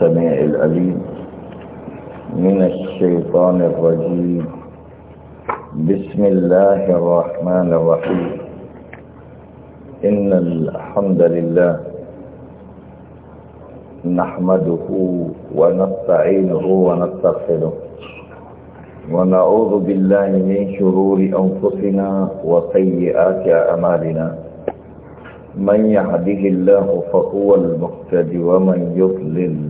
السميع الأليم من الشيطان الرجيم بسم الله الرحمن الرحيم إن الحمد لله نحمده ونستعينه ونستغفره ونعوذ بالله من شرور أنفسنا وسيئات أعمالنا من يهده الله فهو المقتد ومن يضلل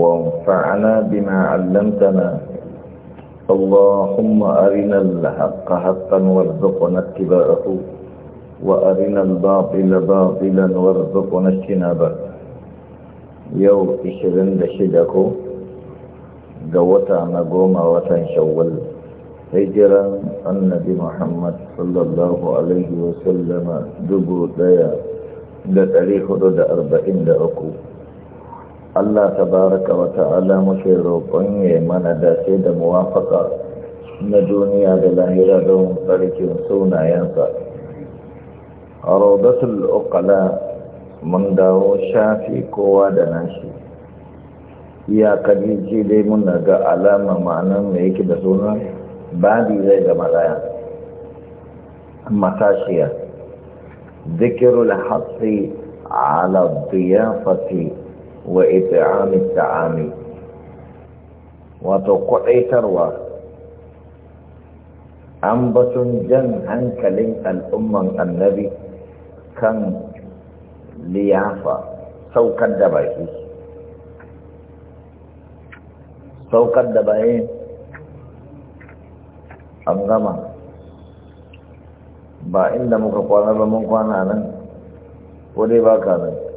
وانفعنا بما علمتنا اللهم أرنا الحق حقا وارزقنا اتباعه وأرنا الباطل باطلا وارزقنا اجتنابه يوم إشرين دشدكو قوتا نقوم وتنشول هجرا النبي محمد صلى الله عليه وسلم دبو ديا da ɗari أربعين da Allah ta tabaraka wa ta'ala muke roƙon ya mana dace da muwafaka na duniya da lahira don tsarki sunayensa a rodatul okala mun dawo shafi kowa da nashi Ya kadiji dai muna ga alama ma'anar mai yake da suna babi zai ga malaya matashiya zikirul hatsi ala diyafati wa it'ami ta'ami wato An batun jan hankalin al'umman annabi kan liyafa saukar da baki saukar da baki an gama ba inda muka kwana ba mun kwana nan ko ba ka nan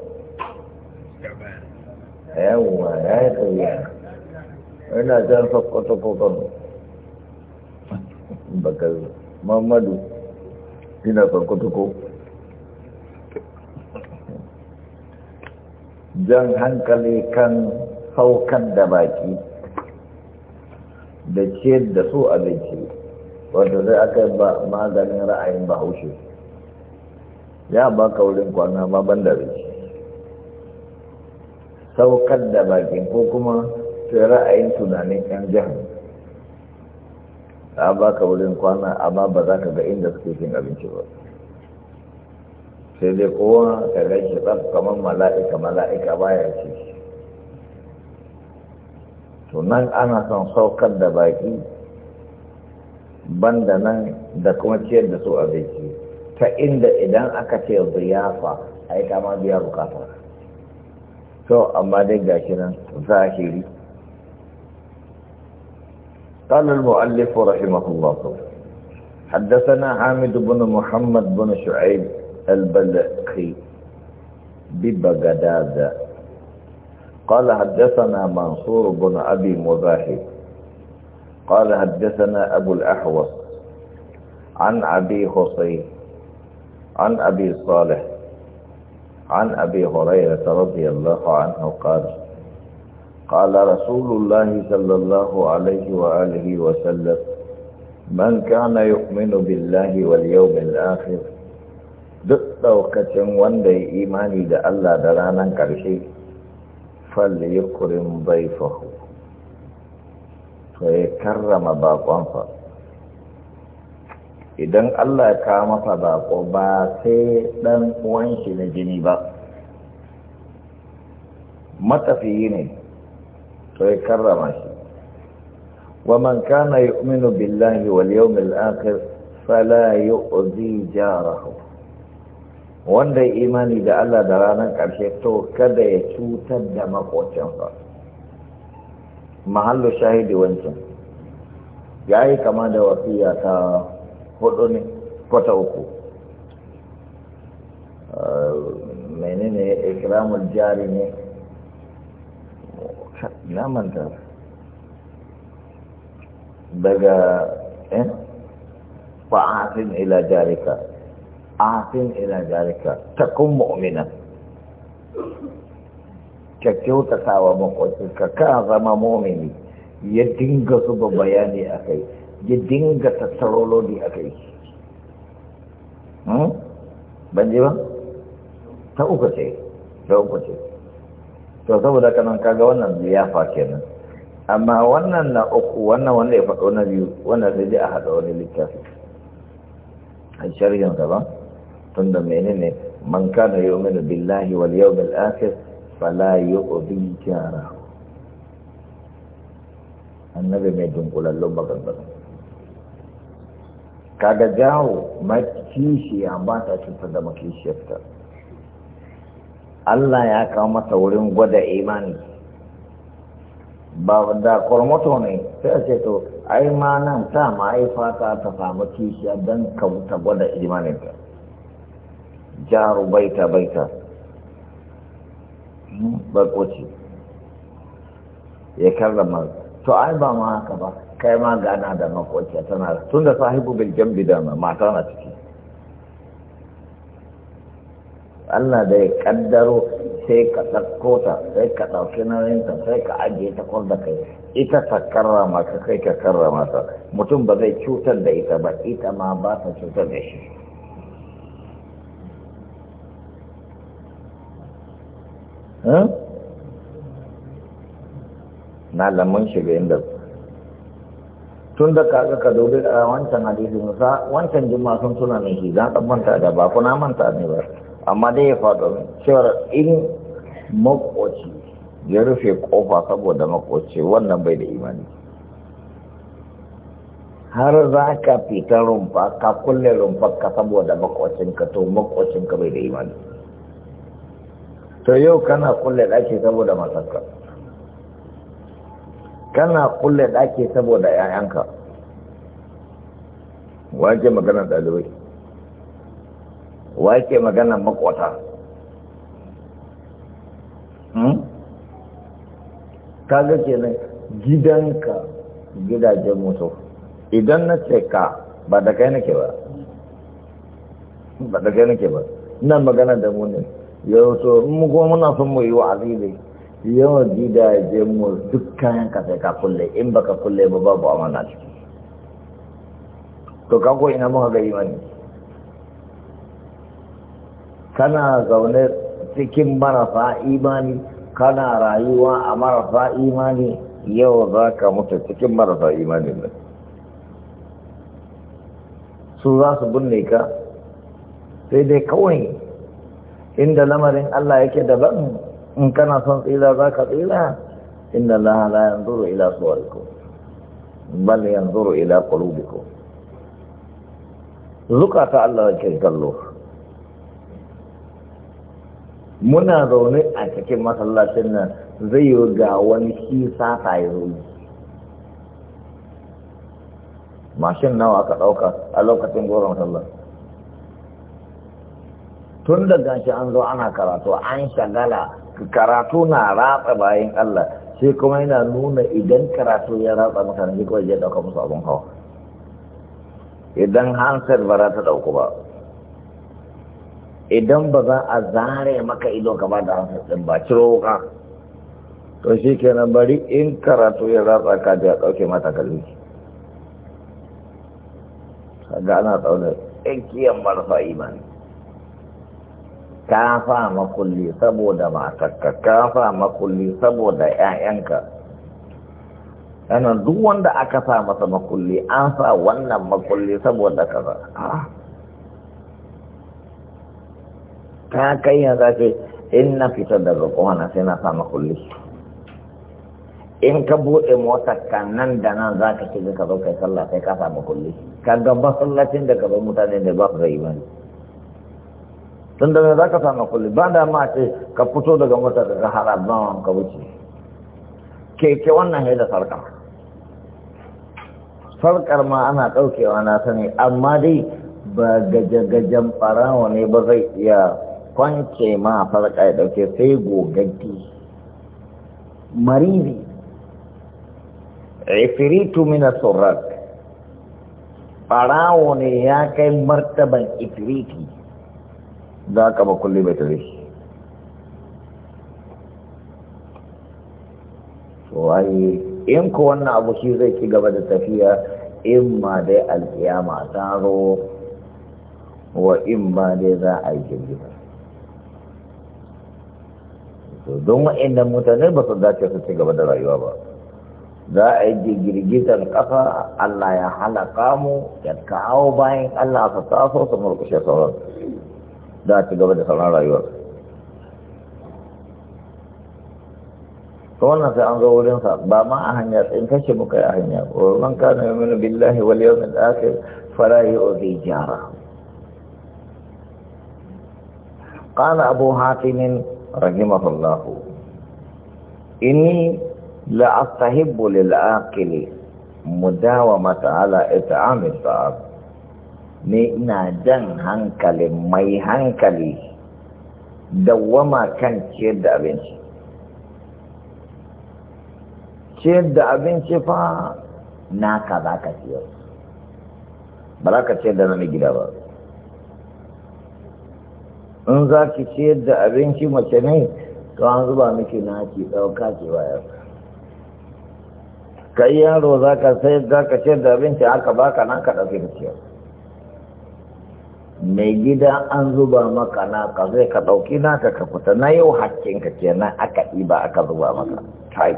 yawwa ya yi tsawiya ina jan sakkwato ko kano bakar mamadu ina sakkwato ko jan hankali kan saukan da baki da ce da su abinci wato zai aka yi maganin ra'ayin bahaushe ya ba ka wurin kwana ma ban da saukar da bakin ko kuma ra'ayin tunanin yan jihar a ka wurin kwana amma ba za ka ga inda suke cin abinci ba sai dai kowa ka ga shi tsaf kamar mala'ika mala'ika baya ce to nan ana son saukar da baki banda nan da kuma ciyar da su abinci ta inda idan aka ce ziyafa yi kama biya bukata to amma dai gashi nan zahiri قال المؤلف رحمه الله حدثنا حامد بن محمد بن شعيب البلخي ببغداد قال حدثنا منصور بن أبي مزاحم قال حدثنا أبو الأحوص عن أبي حصين عن أبي صالح عن أبي هريرة رضي الله عنه قال قال رسول الله صلى الله عليه وآله وسلم من كان يؤمن بالله واليوم الآخر duk ɗaukacin wanda ya imani da Allah da ranar ƙarshe falle ya kurin baifahu to ya karrama bakonsa idan Allah ya kama masa bako ba sai dan uwan shi na jini ba matafiyi ne to ya karrama shi wa man kana yu'minu billahi wal yawmil akhir fala yu'zi jarahu wanda imani da Allah da ranar ƙarshe to kada ya cutar da makocinsa mahallu shahidi wancan ya kama da wasiya hudu ne kwata uku eh, menene ikramul jari ne na manta daga eh fa'atin ila jarika atin ila jarika kun mu'mina ka kyautata wa makwacinka ka zama momini ya dinga zuba bayani a kai ya dinga tattaro lodi a kai hmm? ban ji ba ta uku ce ta uku ce to saboda kanan kaga wannan liyafa kenan amma wannan na uku wannan wanda ya faɗo na biyu wannan zai ji a haɗa wani littafi a shari'in ba tun da menene man kana yu'minu billahi wal yau yawmil akhir fala obin jarahu annabi mai dunkulallon maganganu kaga jawo makishiya ba ta cutar da makishiyarta Allah ya kawo masa wurin gwada imani ba da kormoto ne sai a ce to ai ma nan ta ma'aifa ta ta samu kishiya don ka wuta gwada imaninta jaru baita baita hmm, ba ya karrama to ai ba ma haka ba kai ma gana da makwacce tana tun da sahibu bil jambi da mata na ciki Allah da ya kaddaro sai ka ɗauko ta sai ka ɗauki ta sai ka ajiye ta kwar da kai ita ta karrama ka kai ka karrama ta mutum ba zai cutar da ita ba ita ma ba ta cutar da shi na lamun shiga inda tun da kaga ka dobe a eh, wancan hadisi musa wancan juma sun suna ne shi zan manta da ba kuna manta ne ba amma dai ya faɗo min cewar in makoci ya rufe kofa saboda makoci wannan bai da imani har za ka fita rumfa ka kulle rumfa ka saboda makocin ka to makocin ka bai da imani to yau kana kulle ɗaki saboda masakka kana kulle ɗaki saboda ‘ya'yanka wake magana ɗalibai wake magana makwata hmm? kaga kenan gidanka gidajen mutu idan na ce ka ba da kai nake ba ba da kai nake ba ina magana da mu ne yau so mu kuma muna son mu yi wa azizai yawan gidajen mu duk kayan ka sai ka kulle in baka kulle ba babu amana ciki to kako ina muka ga imani kana zaune cikin marasa imani kana rayuwa a marasa imani yau za ka mutu cikin marasa imani ne su za su binne ka sai dai kawai inda lamarin Allah yake daban in kana son tsila za ka tsila? inna allaha la yanzuru ila suwarikum bal yanzuru ila qulubikum zukata Allah ke kallo muna zaune a cikin masallacin nan zai yi ga wani shi sata ya zo mashin nawa aka ɗauka a lokacin goron sallar tun da gashi an zo ana karatu an shagala karatu na ratsa bayan Allah sai kuma yana nuna idan karatu ya ratsa mutane shi kawai ya dauka musu abin hawa idan hansar ba za ta dauku ba idan ba za a zare maka ido gaba da hansar din ba ciro wuka to shi kenan bari in karatu ya ratsa ka da dauke mata kalli ga ana tsaunar kiyan marfa imani ka fa makulli saboda matarka ka fa makulli saboda ƴaƴanka yana duk wanda aka sa masa makulli an sa wannan makulli saboda kaza ah. ta kai yanzu ce in na fitar da na sai na sa makulli in ka buɗe motar ka nan da nan za ka ci ka zo kai sallah sai ka sa makulli ka gaba sallacin da ka zo mutane da ba su zai yi bane tun da za ka samu kulli ba da ma ce ka fito daga mota daga harabban ka wuce keke wannan ya da sarkar sarkar ma ana ɗaukewa na sani amma dai ba gaje farawa ne ba zai iya kwance ma farka ya ɗauke sai gogaggi mariri ifiritu mina tsoron farawo ne ya kai martaban ifiriti za ka ba kulle bai tare Wani, in ko wannan abu shi zai ci gaba da tafiya in ma dai alkiyama ta zo wa in ma dai za a yi girgiza don waɗannan mutane ba su dace su ci gaba da rayuwa ba za a yi girgizar ƙasa Allah ya halaka mu ya kawo bayan Allah su taso su murkushe sauran دا چې ګوې د سړا راي ور کونه ته هغه با ما هغه ان څه چې موږ هغه نه او من بالله واليوم الاخر فرای او جارا قال ابو حاتم رحمه الله اني لا استحب للعاقل مداومه على اطعام الطعام ne ina jan hankali mai hankali dawwama kan ciyar da abinci ciyar da abinci fa naka za ka ciyar ba za ka ciyar da nan gida ba in za ki ciyar da abinci mace ne to an zuba miki na ki ɗauka ki bayar kai yaro za ka sayar za ka ciyar da abinci aka baka nan ka ɗauke da ciyar mai gida an zuba maka na ka zai ka ɗauki naka ka fita na yau hakkinka na, aka ɗiba aka zuba maka kai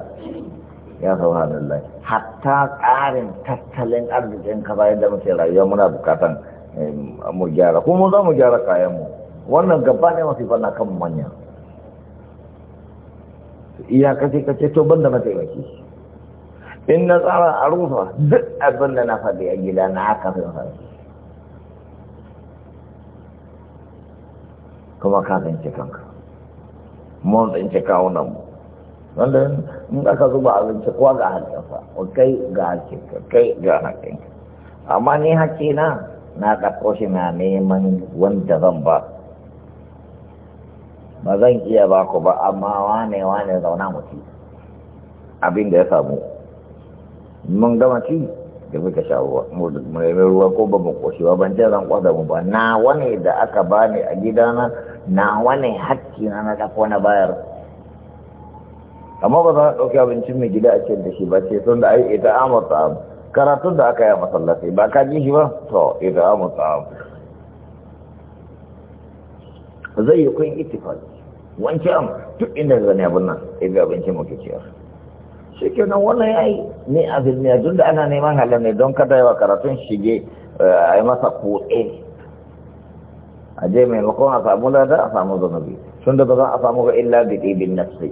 ya subhanallah hatta ƙarin tattalin arzikin ka bayan da muke rayuwa muna bukatan mu gyara kuma za mu gyara kayan mu wannan gaba ne mafi fana kan manya iya kace kace to ban da banda mataimaki in na tsara a rufa duk abin da na faɗi a gida na aka fi kuma ka tsinci kanka mun tsinci kawunan mu wanda in aka zuba abinci kowa ga haƙƙinsa kai ga hankinka kai ga hankinka amma ni haƙƙina na ɗauko shi na neman wanda zan ba ba zan iya ba ku ba amma wane wane zauna mu ci abin da ya samu mun gama ci da muka sha ruwa mu ruwa ko ba mu koshi ba ban ce zan kwada mu ba na wani da aka bani a gidana na wani hakki na na dako na bayar amma ba za a ɗauki abincin mai gida a cikin da shi ba ce sun da ai ita amurta ta'am karatun da aka yi a masallaci ba ka ji shi ba to ita amurta zai yi kun itifal wancan duk inda zane abin nan ya ga abincin mu ke ciyar shi kenan wannan ya yi ne a zilmiya tun da ana neman halar ne don kada yawa karatun shige eh, a yi masa kuɗe a je maimakon a samu lada a samu zanubi sun da ba za a samu ga illa da ɗibin nafsi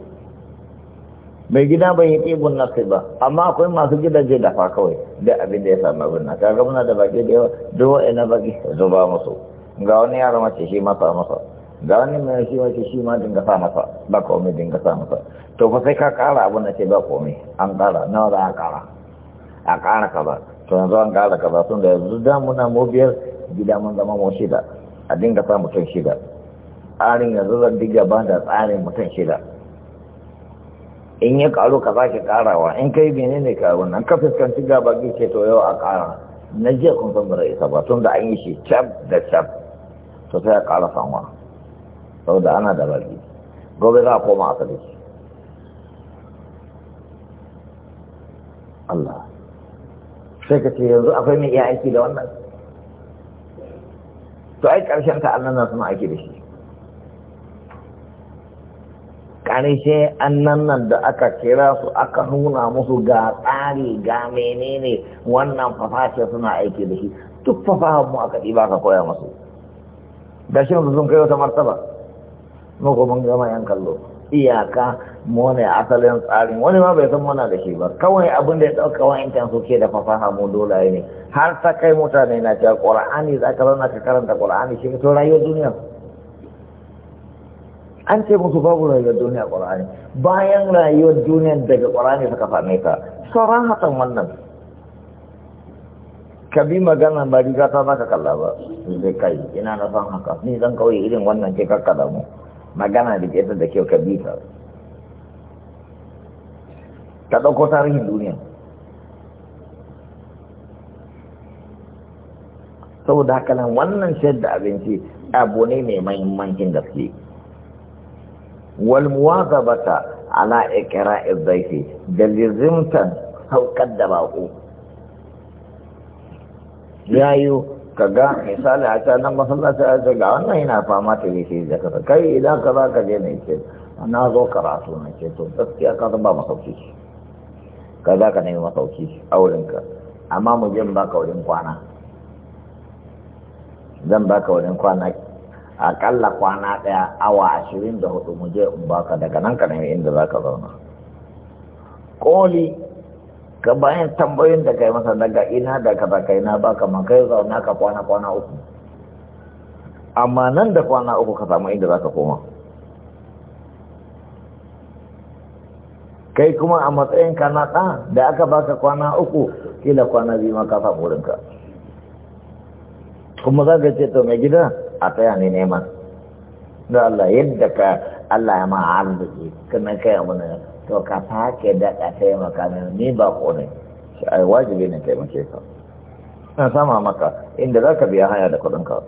mai gida bai yi ɗibin nafsi ba amma akwai masu gidaje je dafa kawai da abin da ya samu abin na kaga muna da baki da yawa duk wa'ina baki zuba musu ga wani yara mace shi masa masa ga wani mai shi wace shi ma dinga sa masa ba komai dinga sa masa to fa sai ka kara abin da ce ba komai an kara nawa za a kara a kara kaza to yanzu an kara kaza tun da yanzu da muna mu biyar gida mun zama mu shida a dinga sa mutum shida tsarin yanzu zan diga ba da tsarin mutum shida in ya karu ka sake karawa in kai bene ne ka wannan ka fuskanci gaba ce to yau a kara na jiya kun san bara isa ba tun da an yi shi cap da cap to sai a kara sanwa sau da ana da baki gobe za a koma asali Allah sai ka ce yanzu akwai mai iya aiki da wannan to ai ƙarshen ka annan nan suna aiki da shi ƙarshe annan nan da aka kira su aka nuna musu ga tsari ga menene wannan fafashe suna aiki da shi duk fafahar mu aka ɗiba ka koya masu da shi sun kai wata martaba muku mun gama yan kallo iyaka mu ne asalin tsarin wani ma bai san muna da shi ba kawai abin da ya ɗauka wa'incan suke da fasaha mu dole ne har ta kai mutane na cewa ƙur'ani za ka zauna ka karanta ƙur'ani shi to rayuwar duniya an ce musu babu rayuwar duniya ƙur'ani bayan rayuwar duniya daga ƙur'ani suka same ta sauran hatan wannan ka bi magana ba riga ta za ka kalla ba zai kai ina na san haka ni zan kawai irin wannan ce kakkada mu magana da ke da kyau ka bita ta ɗauko tarihin duniya saboda haka nan wannan shayar da abinci abu ne mai mahimmancin gaske walmuwazabata ala ikira izaifi da lizimtan saukar da baƙo yayo ka ga misali a canan masallaci a ce ga wannan yana fama ta yi shi da kasa kai idan ka za ka je na ce na zo karatu na ce to gaskiya ka zan ba masauki ka za ka nemi masauki a wurinka amma mu je ba ka wurin kwana zan ba ka wurin kwana akalla kwana ɗaya awa ashirin da hudu mu je in ka daga nan ka nemi inda za ka zauna koli ka bayan tambayoyin da kai masa daga ina da kaza kai na baka ma, kai zauna ka kwana kwana uku amma nan da kwana uku ka samu inda zaka koma kai kuma a matsayin ka na ɗan da aka baka kwana uku kila kwana biyu ma ka samu wurinka kuma za ka ce to mai gida a tsaya ne neman da Allah yadda ka Allah ya ma arziki kana kai abu na to ka fake daɗa taimaka mini ni ba ne shi ai wajibi ne taimake ka na sama maka inda za ka biya haya da kudin ka.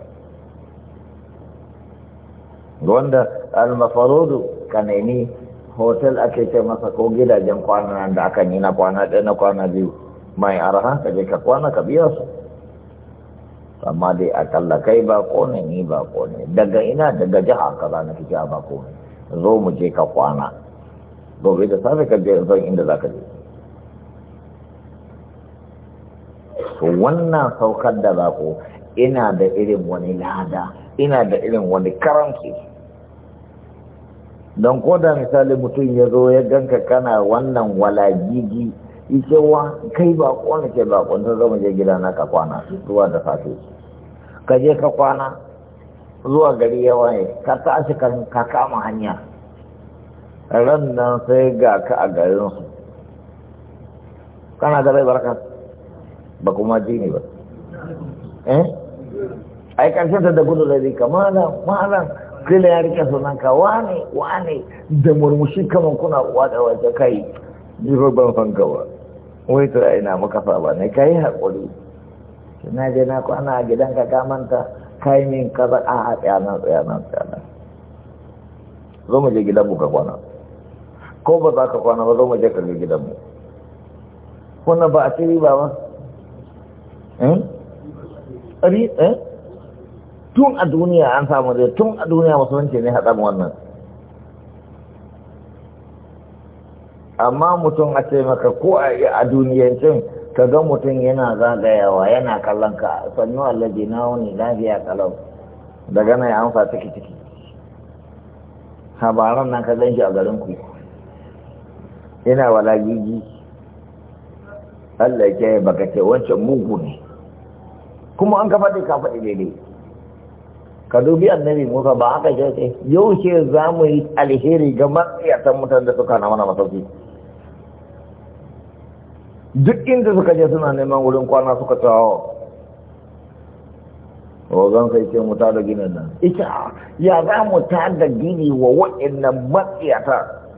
wanda almafarodu ka nemi hotel ake ce masa ko gidajen kwana da aka yi na kwana ɗaya na kwana biyu mai arha ka je ka kwana ka biya su amma dai akalla kai ba ne ni ba ne daga ina daga jiha kaza na kike ba ne zo mu je ka kwana gobe da safe ka je zan inda za ka je to wannan saukar da zaƙo ina da irin wani lada ina da irin wani karanci don ko da misali mutum ya zo ya ganka kana wannan ike wa kai ba kwana ke ba kwanta zama je gida na ka kwana zuwa da safe ka je ka kwana zuwa gari ya waye ka tashi ka kama hanya ran nan sai ga ka a garinsu kana da baraka ba kuma ji ne ba eh ai karshen da gudu da zai kamala malam kila ya rike sunan ka wane wane da murmushi kaman kuna uwa da wace kai ni ba ban fanka ba wai to ai na maka fa ba ne kai hakuri na je na kwana a gidan ka kamanta kai min kaza a a tsaya nan tsaya nan tsaya zo mu je gidan buka ka kwana ko ba za ka kwana ba zo mu je ka ga mu wannan ba a tiri ba ba eh? Eh? tun a duniya an samu da tun a duniya musulunci ne haɗa wannan amma mutum a ce maka ko a duniyancin ka ga mutum yana zagayawa yana kallon ka sannu allaji na wani lafiya kalau daga na ya amsa ciki ciki habaran nan ka gan shi a garin ku ina wala gigi Allah ya baka ce wancan mugu ne kuma an ka faɗi ka faɗi daidai ka dubi annabi musa ba haka ce ce yau ce za mu yi alheri ga matsiyatan mutane da suka na mana masauki duk inda suka je suna neman wurin kwana suka tawo oh. zan sai ce mu tada ginin nan ita ya za mu tada gini wa nan matsayata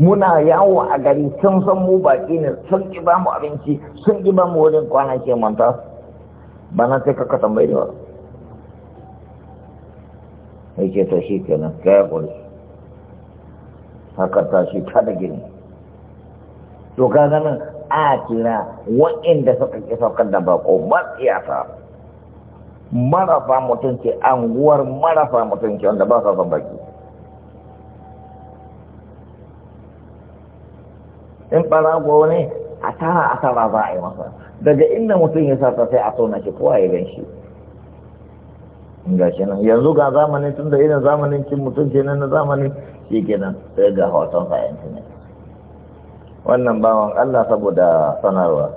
muna yawo a gari sun san mu baƙi ne sun ƙi ba mu abinci sun ƙi ba mu wurin kwana ke manta ba na sai kaka tambayi da ba ke ta shi nan kaya kuri haka ta shi ta da gini to ka ganin a kira wa'inda suka ƙi saukar da bako ba siyasa, marafa mutunci anguwar marafa mutunci wanda ba sa zan baki in ɓarago ne a tara asara za a yi masa daga inda mutum ya sata sai a tona shi kowa ya gan shi ga shi nan yanzu ga zamanin tun da irin zamanin cin mutum nan na zamani shi nan sai ga hoton sa intanet wannan bawan Allah saboda sanarwa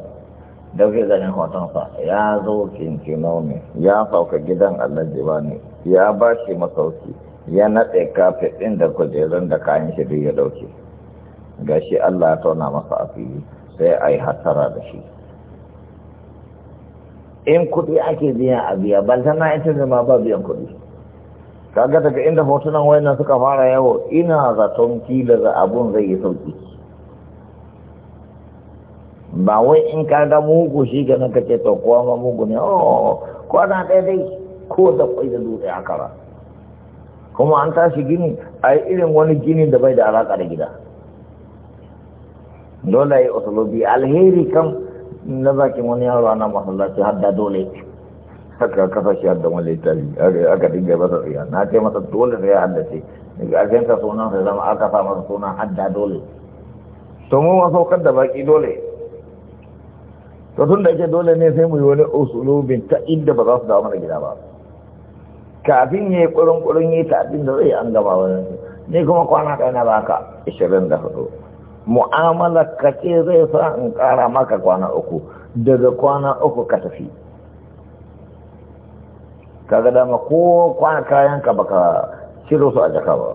da kuke ganin hoton sa ya zo kinkinau ne ya sauka gidan Allah jibani ne ya ba shi masauki ya naɗe kafin ɗin da kujerun da kayan shi ya ɗauke gashi Allah ya tauna masa a sai a yi hasara da shi in kuɗi ake biya a biya ban baltana ita zama ba biyan kuɗi kaga daga inda hotunan wannan suka fara yawo ina zaton kila za abun zai yi sauki ba wai in ka ga mugu shi ga nan kace to kowa ma mugu ne oh na ɗaya dai ko da kwai da dutse haka ba kuma an tashi gini a irin wani gini da bai da alaƙa da gida dole ya usulubi alheri kan na zaki wani yaro ana masallaci har da dole haka kafa shi har da wani littafi aka dinga masa tsiya na ce masa dole sai ya haddace daga ajiyarsa sunan sai zama aka sa masa sunan hadda dole to mu ma saukar da baki dole to tun da yake dole ne sai mu yi wani usulubin ta inda ba za su dawo mana gida ba kafin ya yi kurin kurin yi ta abin da zai an gama wani ne kuma kwana ɗaya na baka 24 mu'amalar ka ce zai sa in ƙara maka kwana uku daga kwana uku ka tafi Ka kaga dama ko kwana kayan ka baka ciro su a jaka ba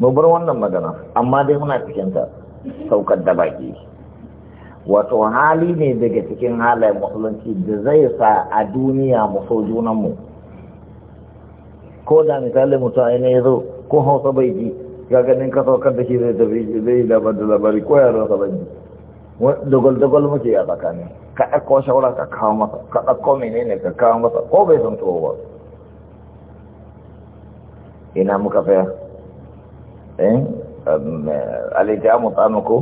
mu bar wannan magana amma dai muna cikin ta saukar da baki wato hali ne daga cikin halayen musulunci da zai sa a duniya mu so junanmu ko da misali mutane ne ya zo ko hausa bai ji ga ganin ka saukar da shi zai tafi zai labar da labari ko yaron sa bane dogal-dogal muke a tsakanin ka ɗauko shawara ka kawo masa ka ɗauko menene ka kawo masa ko bai san tuwo ba ina muka faya eh, eh alita mu tsamu ko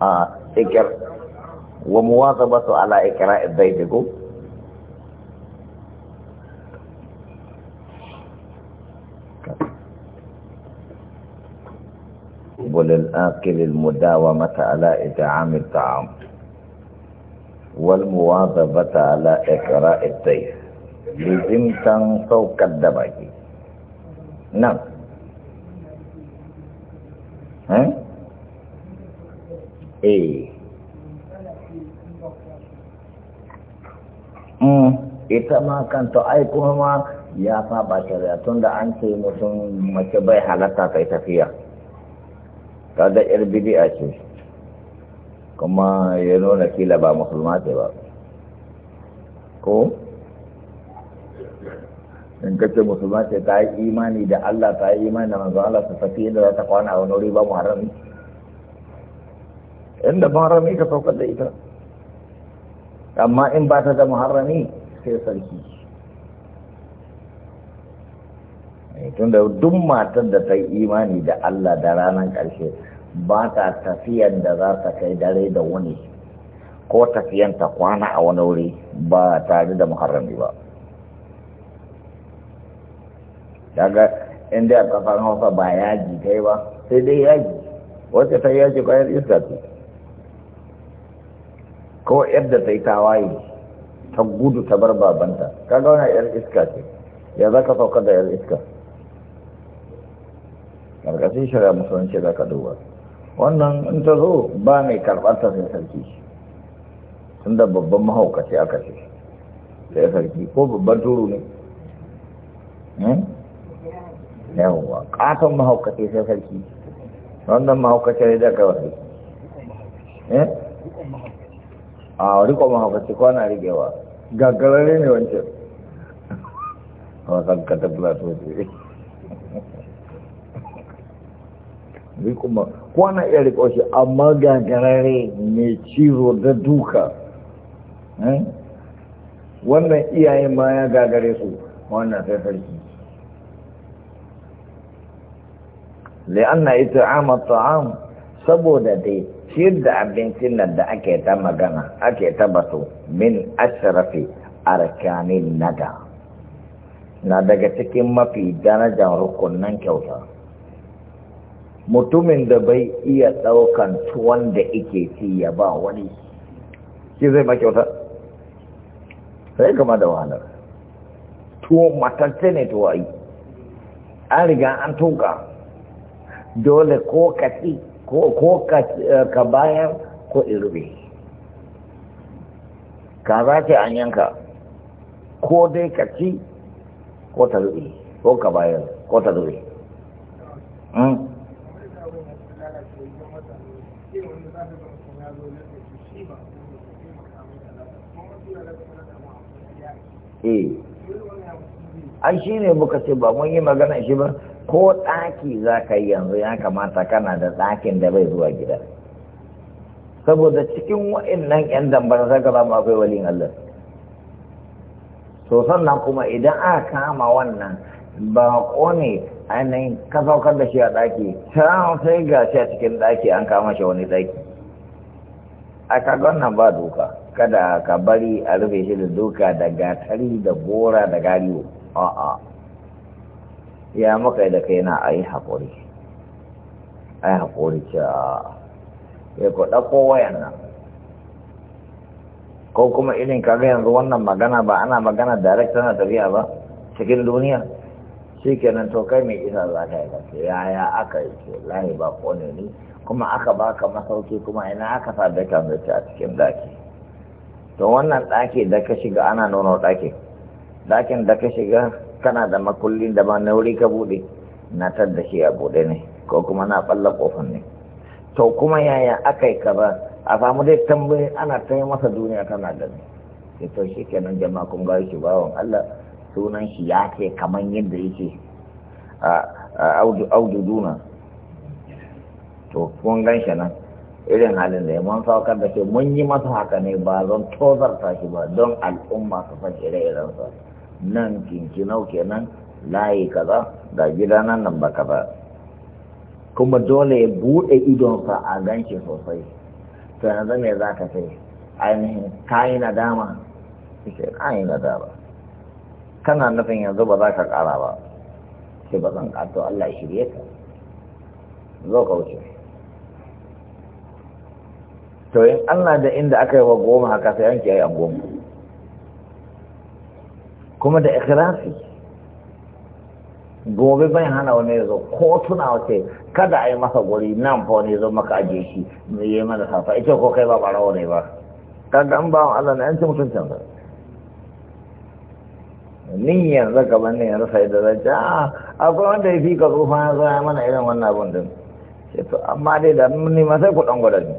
ah, a ikir wa muwasa ba su ala ikira idai ku. وللآكل المداومة على إطعام الطعام والمواظبة على إقراء الضيف لزمتا فوق الدمج نعم ها؟ إيه ita ma kanta ai kuma ya saba shari'a tun da an ce mutum mace bai halatta tafiya kada yar bidi'a ce kuma ya nuna kila ba musulma ce ba ko in kace musulma ce ta yi imani da Allah ta yi imani da manzo Allah ta tafi da ta kwana a wani wuri ba harami inda harami ka saukar da ita amma in ba ta da muharrami sai sarki tunda duk matar da ta yi imani da Allah da ranar ƙarshe ba ta tafiyan da za ta kai dare da wani ko tafiyan ta kwana a wani wuri ba tare da muharrami ba daga inda a kafar hausa ba yaji kai ba sai dai yaji wacce ta yaji kwayar iska ce ko yadda ta yi tawaye ta gudu ta bar babanta kaga wani yar iska ce ya za ka sauka da yar iska ƙarƙashin shari'a musulunci za ka duba wannan in ta zo ba mai karɓar ta sai sarki tun da babban mahaukaci aka ce sai sarki ko babban turu ne hmm? yawwa ƙaton mahaukaci sai sarki wannan mahaukaci ne da kawai sarki eh? a riko mahaukaci ko na rigewa gaggarare ne wancan a wasan katabla sosai kuma ko iya riƙo shi amma gagarare mai ciro da duka eh? wannan iyayen ma ya gagare su wannan sai sarki li'anna ita amma ta'am saboda dai ciyar da abincin nan da ake ta magana ake ta batu min ashrafi arkanin naga na daga cikin mafi darajar rukunan kyauta mutumin da bai iya ɗaukan tuwon da ike ci ya ba wani shi zai ma kyauta sai kama da wahalar tuwon matacce ne yi an riga an tuka dole ko ka ci ko ka eh, bayan ko irbe ka za ce an yanka ko dai ka ci ko ta rube ko ka bayan ko ta rube hmm? eh ai shi ne muka ce ba mun yi magana shi ba ko ɗaki za ka yi yanzu ya kamata kana da ɗakin da bai zuwa gida saboda cikin wa'innan 'yan dambar za ka zama akwai walin Allah to sannan kuma idan aka kama wannan ba ne ainihin ka saukar da shi a ɗaki can sai ga shi a cikin ɗaki an kama shi wani ɗaki a kaga wannan ba doka kada ka bari a rufe shi da duka da gatari da gora da gariwo a'a ya maka da kai na ayi haƙuri ayi haƙuri cewa ya ku ɗauko wayan nan ko kuma irin kaga yanzu wannan magana ba ana magana direct tana tafiya ba cikin duniya shi kenan to kai mai isa za ka yi kace yaya aka yi ce layi ba kone ni kuma aka baka masauki kuma ina aka sa da kan a cikin daki to wannan ɗaki da ka shiga ana nono ɗakin ɗakin da ka shiga kana da makullin da ba na wuri ka buɗe na tadda shi a buɗe ne ko kuma na ɓalla ƙofan ne to kuma yaya aka yi kaza a samu dai tambayi ana ta yi masa duniya tana ne sai to shi kenan jama'a kun ga shi bawon Allah sunan shi ya ce kamar yadda yake a audu duna to kun gan shi nan irin halin da ya mun saukar da shi mun yi masa haka ne ba don tozar shi ba don al'umma su san ire sa. nan kinkinau kenan layi kaza ga gida nan nan ba kaza kuma dole ya buɗe sa a ganshi sosai to yanzu me za ka sai ainihin kayi nadama ce kayi nadama kana nufin yanzu ba za ka ƙara ba ce ba zan ƙato Allah shirye ka zo ka wuce to in Allah da inda aka yi wa goma haka sai yanki ya yi a goma kuma da ikirafi gobe bai hana wani ya zo ko tuna wace kada a yi masa guri nan fa wani zo maka aje shi mai yi mana safa ita ko kai ba ɓarawo ne ba kaga an ba wa Allah na yanci mutuncin ba ni yanzu gaban ne yanzu sai da zai a ah, akwai wanda ya fi ka tsufa ya zo ya mana irin wannan abun din sai to amma dai da ni ma sai ku dan gwada ni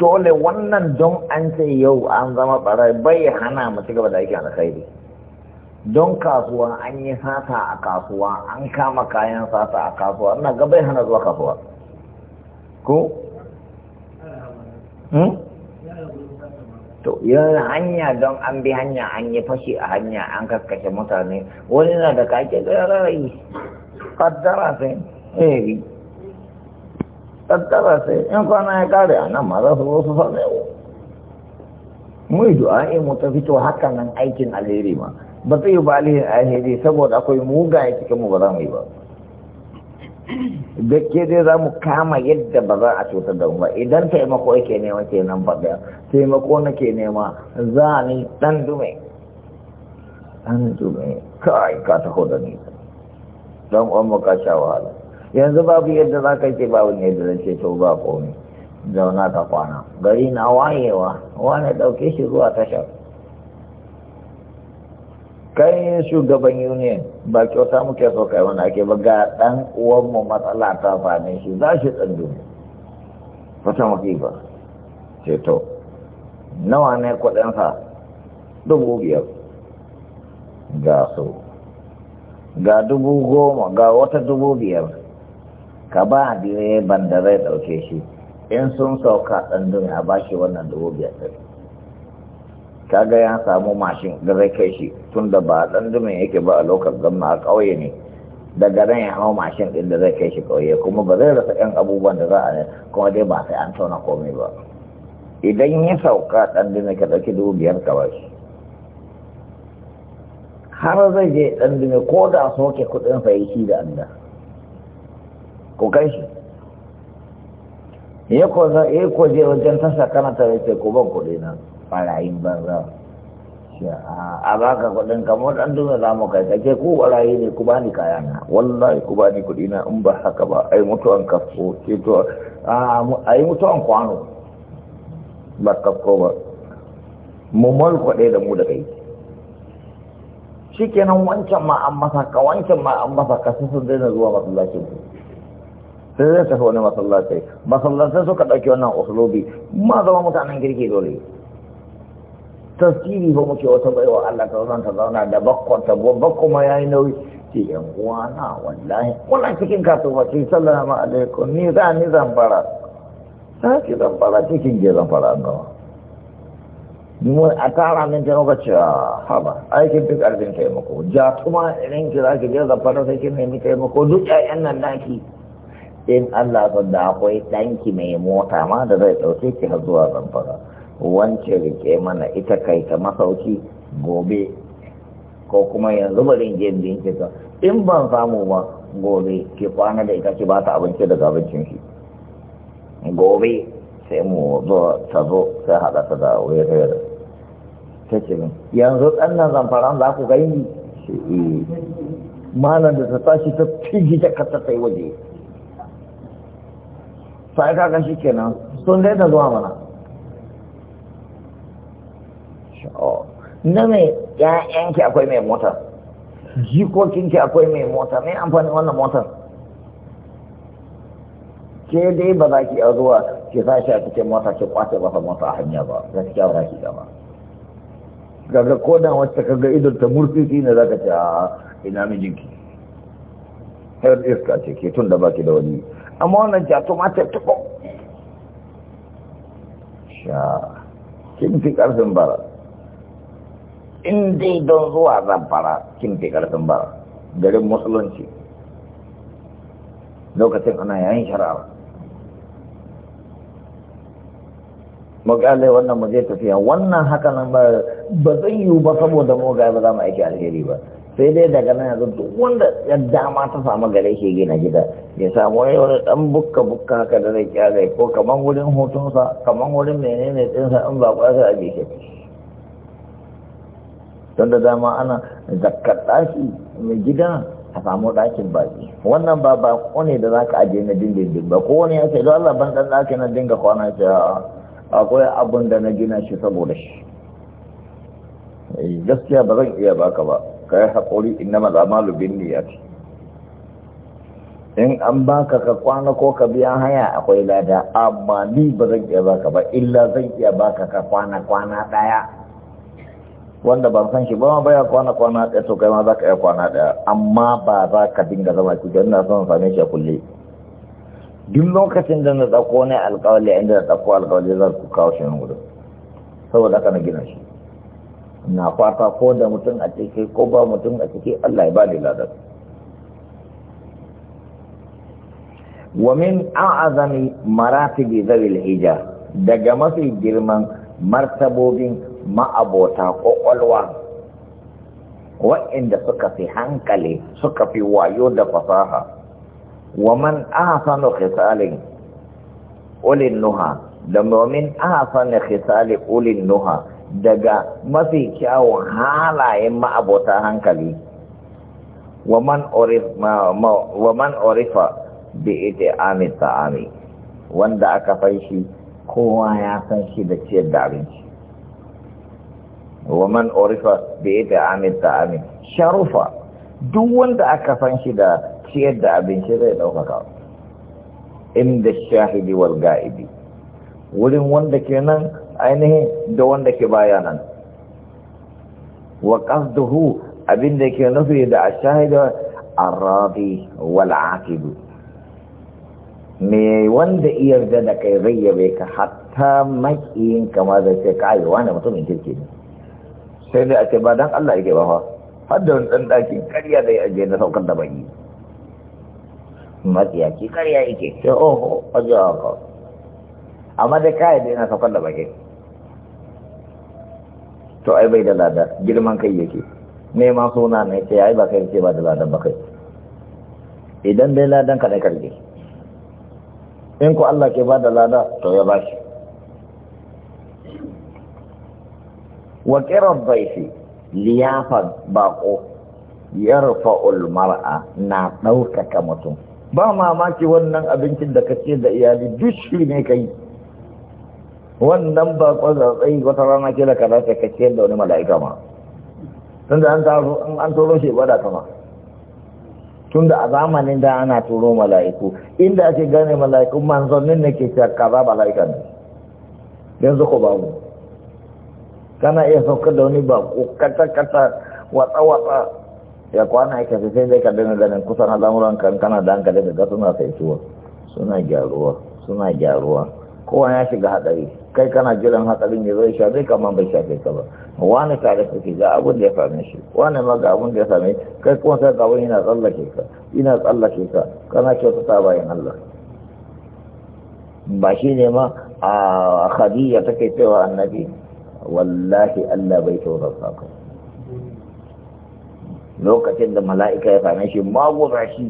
dole wannan don an ce yau an zama barai bai hana mu ci gaba da aiki alkhairi don kasuwa an yi sata a kasuwa an kama kayan sata a kasuwa ina ga bai hana zuwa kasuwa ko hmm? to yana hanya don an bi hanya an yi fashi a hanya an kaskace mutane wani na da kake da rarayi kaddara sai eh tattara sai in kwana ya kare a nan maza su zo su same wa mu yi du'a in mu ta fito haka nan aikin alheri ma ba zai yi ba alheri alheri saboda akwai ya cikin mu ba za mu yi ba ke dai za mu kama yadda ba za a cutar da ba idan taimako yake nema kenan ba daya taimako na ke nema za ni dan dume dan dume ka taho da ni dan uwan mu ka sha wahala yanzu babu yadda za ka ce babu yadda zan ce to ba komai zauna ka kwana gari na wayewa wane ɗauke shi zuwa tashar kai shugaban union ba kyauta muke so kai wani ake ba ga ɗan uwanmu matsala ta fane shi za shi tsandu fata masifa ce to nawa ne kuɗinsa dubu biyar ga so ga dubu goma ga wata dubu biyar ka ba direban da zai ɗauke shi in sun sauka ɗan duniya ba shi wannan dubu biyar ɗari ga ya samu mashin da zai kai shi tun da ba ɗan duniya yake ba a lokacin gamma a ƙauye ne daga nan ya hau mashin ɗin da zai kai shi ƙauye kuma ba zai rasa ƴan abubuwan da za a yi kuma dai ba sai an tauna komai ba idan ya sauka ɗan duniya ka ɗauki dubu biyar ka ba shi har zai je ɗan duniya ko da soke kuɗin sa yi shi da Allah ko kai shi ya ko za ya eh, ko je wajen tasa karanta ta ce ko ban kuɗi na ɓarayin banza a baka kuɗin ka mu ɗan dume za mu kai take ku ɓarayi ne ku bani kaya na wallahi ku bani kuɗi na in ba haka ba ai mutuwan kafko ke to a yi mutuwan kwano ba kafko ba mu malkwaɗe da mu da kai shi kenan wancan ma an masa ka wancan ma an masa ka sun daina zuwa masallacin ku sai zai tafi wani masallatai masallatai suka ɗauki wannan usulobi ma zama mutanen kirki dole taskiri ba muke wata baiwa Allah ta zan ta zauna da bakon ta bakon ma yayi nauyi ce yan uwana wallahi kuna cikin kasuwa ce sallama alaikum ni za ni zan fara ta ki zan fara cikin je zan fara nawa ni mu a tara min ta ga cewa ah, haba aikin duk arzikin taimako ja kuma idan ki za ki je zan fara sai kin nemi taimako duk ƴaƴan nan naki in Allah son da akwai tanki mai mota ma da zai ɗauke ki har zuwa zamfara wance rike mana ita kai ta masauki gobe ko kuma yanzu bari in je in bincika in ban samu ba gobe ki kwana da ita ki ba ta abinci daga abincin ki gobe sai mu zo ta zo sai haɗa ta da wayar ta ce min yanzu ɗan zamfara zamfaran za ku gani eh. malam da ta tashi ta fiji ta kasa sai waje to ai kaga shi kenan sun daina zuwa mana na mai ƴaƴanki akwai mai mota jikokinki akwai mai mota mai amfani wannan motar ke dai ba za ki a zuwa ke za shi a cikin mota ki kwace masa mota a hanya ba za ki za ki gaba gaga ko da wacce kaga idon ta murfi ne za ka ce a ah, ina mijinki har iska ce ke tun da baki da wani amma wannan jato mata tuko sha kin fi karfin bara in dai don zuwa zamfara kin fi karfin bara garin musulunci lokacin ana yayin shara'a mugale wannan mu je tafiya wannan haka nan ba zai yiwu ba saboda mugaye ba za mu aiki alheri ba sai dai daga nan yanzu duk wanda ya dama ta samu gare shi gina gida ya samu wani wani dan bukka bukka haka da zai kyale ko kaman wurin hotonsa kaman wurin menene tsinsa in ba kwa sa a gefe don da dama ana zakkar ɗaki mai gida a samu ɗakin baki wannan ba ba ne da za ka ajiye na dindindin ba ko wani ya ce don Allah ban ɗan ɗakin na dinga kwana shi akwai abun da na gina shi saboda shi eh, gaskiya ba zan iya baka ba ka yi haƙuri inna mazamalu bin niyyati in an baka ka kwana ko ka biya haya akwai lada amma ni ba zan iya baka ba illa zan iya baka ka kwana kwana daya wanda ban san shi ba ma baya kwana kwana daya to kai ma za ka iya kwana daya amma ba za ka dinga zama ki ina son same shi a duk lokacin da na dauko ne alƙawali inda na dauko alƙawali zan ku kawo shi nan gudu saboda haka na gina shi na fata ko da mutum a ciki ko ba mutum a ciki Allah ya bada da ladar wa min azami maratibi zawil hija daga mafi girman martabobin ma'abota ƙwaƙwalwa wa'inda suka fi hankali suka fi wayo da fasaha wa man ahsanu khisalin ulin nuha da min ahsanu khisali ulin nuha daga mafi kyawun halayen ma'abota hankali wa man orifa bi ita amin ami wanda aka fanshi kowa ya san shi da ciyar da abinci wa man orifa bi ita amin ami sharufa duk wanda aka fanshi da ciyar da abinci zai ɗaukaka inda shahidi wal ga'ibi wurin wanda kenan ainihin da wanda ke baya nan wa qasduhu abinda ke nufi da ashahida arradi wal aqib me wanda iya yarda da kai zai yabe ka hatta makiyin kama da ce kai wani mutumin kirki ne sai dai a ce ba dan Allah yake ba fa har da wani dan dakin da ya aje na saukar da baki matsiyaci ƙarya yake ce oho aje ka amma dai kai da na saukar da baki to ai bai da lada girman kai yake neman suna ne ce ai ba kai ce ba da ladan ba kai idan dai ladan ka dai karbe in ku Allah ke ba da lada to ya bashi wa qirar dhaifi liyafa baqo al mar'a na ɗaukaka mutum ba mamaki wannan abincin da kace da iyali duk ne kai wannan ba kwazatsayi wata rana ke da kada ta kake da wani mala'ika ma tunda an taro in an turo shi ba da kama tunda a zamanin da ana turo mala'iku inda ake gane mala'iku manzonin ne ke ta kaza mala'ika ne yanzu ko babu kana iya saukar da wani bako kata kata watsa watsa ya kwana ya kafi sai dai ka dana ganin kusan al'amuran kan kana da hankali da suna saituwa suna gyaruwa suna gyaruwa kowa ya shiga hatsari kai kana jiran hatsarin ya zai shafe ka bai shafe ka ba wani tare kake ga abin da ya same shi wani ma ga abin da ya same kai kuma sai ga wani yana tsallake ka ina tsallake ka kana kyautata bayan Allah ba shi ne ma a khadija take cewa annabi wallahi Allah bai taurasa ka lokacin da mala'ika ya same shi magoza shi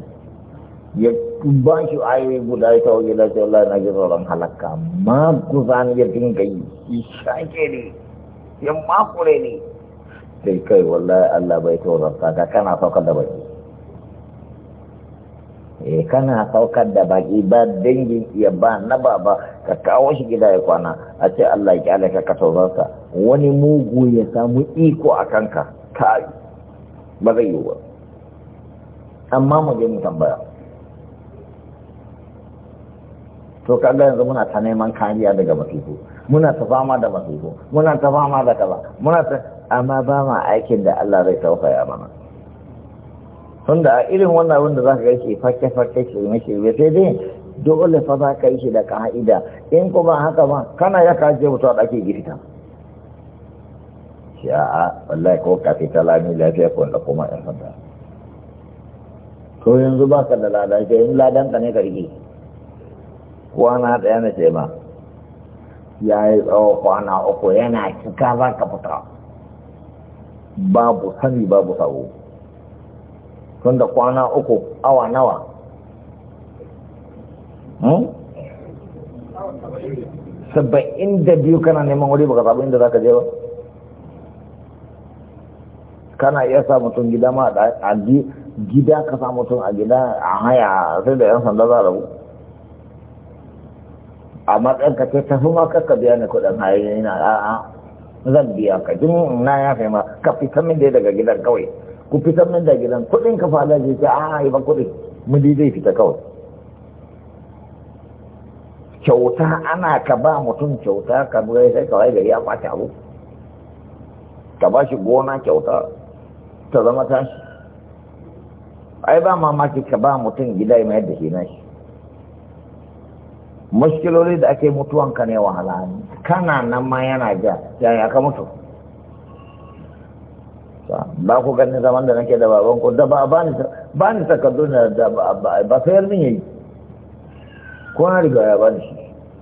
ya ba shi ayoyi guda ta waje da ce na ji tsoron halakka ma kusa ne ya dinga yi ne ya makure ne sai kai wallahi Allah bai tsoron ka kana saukar da baki eh kana saukar da baki ba dangin iya ba na baba ka kawo shi gida ya kwana a ce Allah ya kyale ka ka tsoronsa wani mugu ya samu iko a kanka yi ba zai yi ba amma mu je mu tambaya to kaga yanzu muna ta neman kariya daga masifu muna ta fama da masifu muna ta fama da kaza muna ta amma ba ma aikin da Allah zai ya mana tunda a irin wannan abin da zaka ga shi fakke fakke shi shirme sai dai dole fa za ka yi shi da ka'ida in kuma haka ba, kana ya kaje mutuwa da ake girka shi a wallahi ko ka ta lami lafiya ko da kuma yan fada to yanzu baka da lada in ladan ka ne ka rige kwana ɗaya na ce ma ya yi tsawo kwana uku yana cika za ka fita babu sani babu sabo tun da kwana uku awa nawa hmm? saba'in da biyu kana neman wuri baka sabu inda za ka je ba kana iya sa mutum gida ma a gida ka sa mutum a gida a haya sai da yan sanda za a rabu amma matsayin ka ce ta fi ma kakka biya ni kuɗin hayoyi na a'a zan biya ka jin na ya fi ma ka fitar min dai daga gidan kawai ku fitar min da gidan kuɗin ka fada ce ce a'a yi ban kuɗin dai zai fita kawai kyauta ana ka ba mutum kyauta ka buga sai kawai gari ya kwace abu ka ba shi gona kyauta ta zama tashi ai ba mamaki ka ba mutum gida mai yadda shi nashi mashkiloli da ake mutuwanka ne wahala ne kana nan ma yana ja yaya ka mutu ba ku ganin zaman da nake da baban ku da ba ni takardu na da ba sayar min yayi ko na riga ya bani shi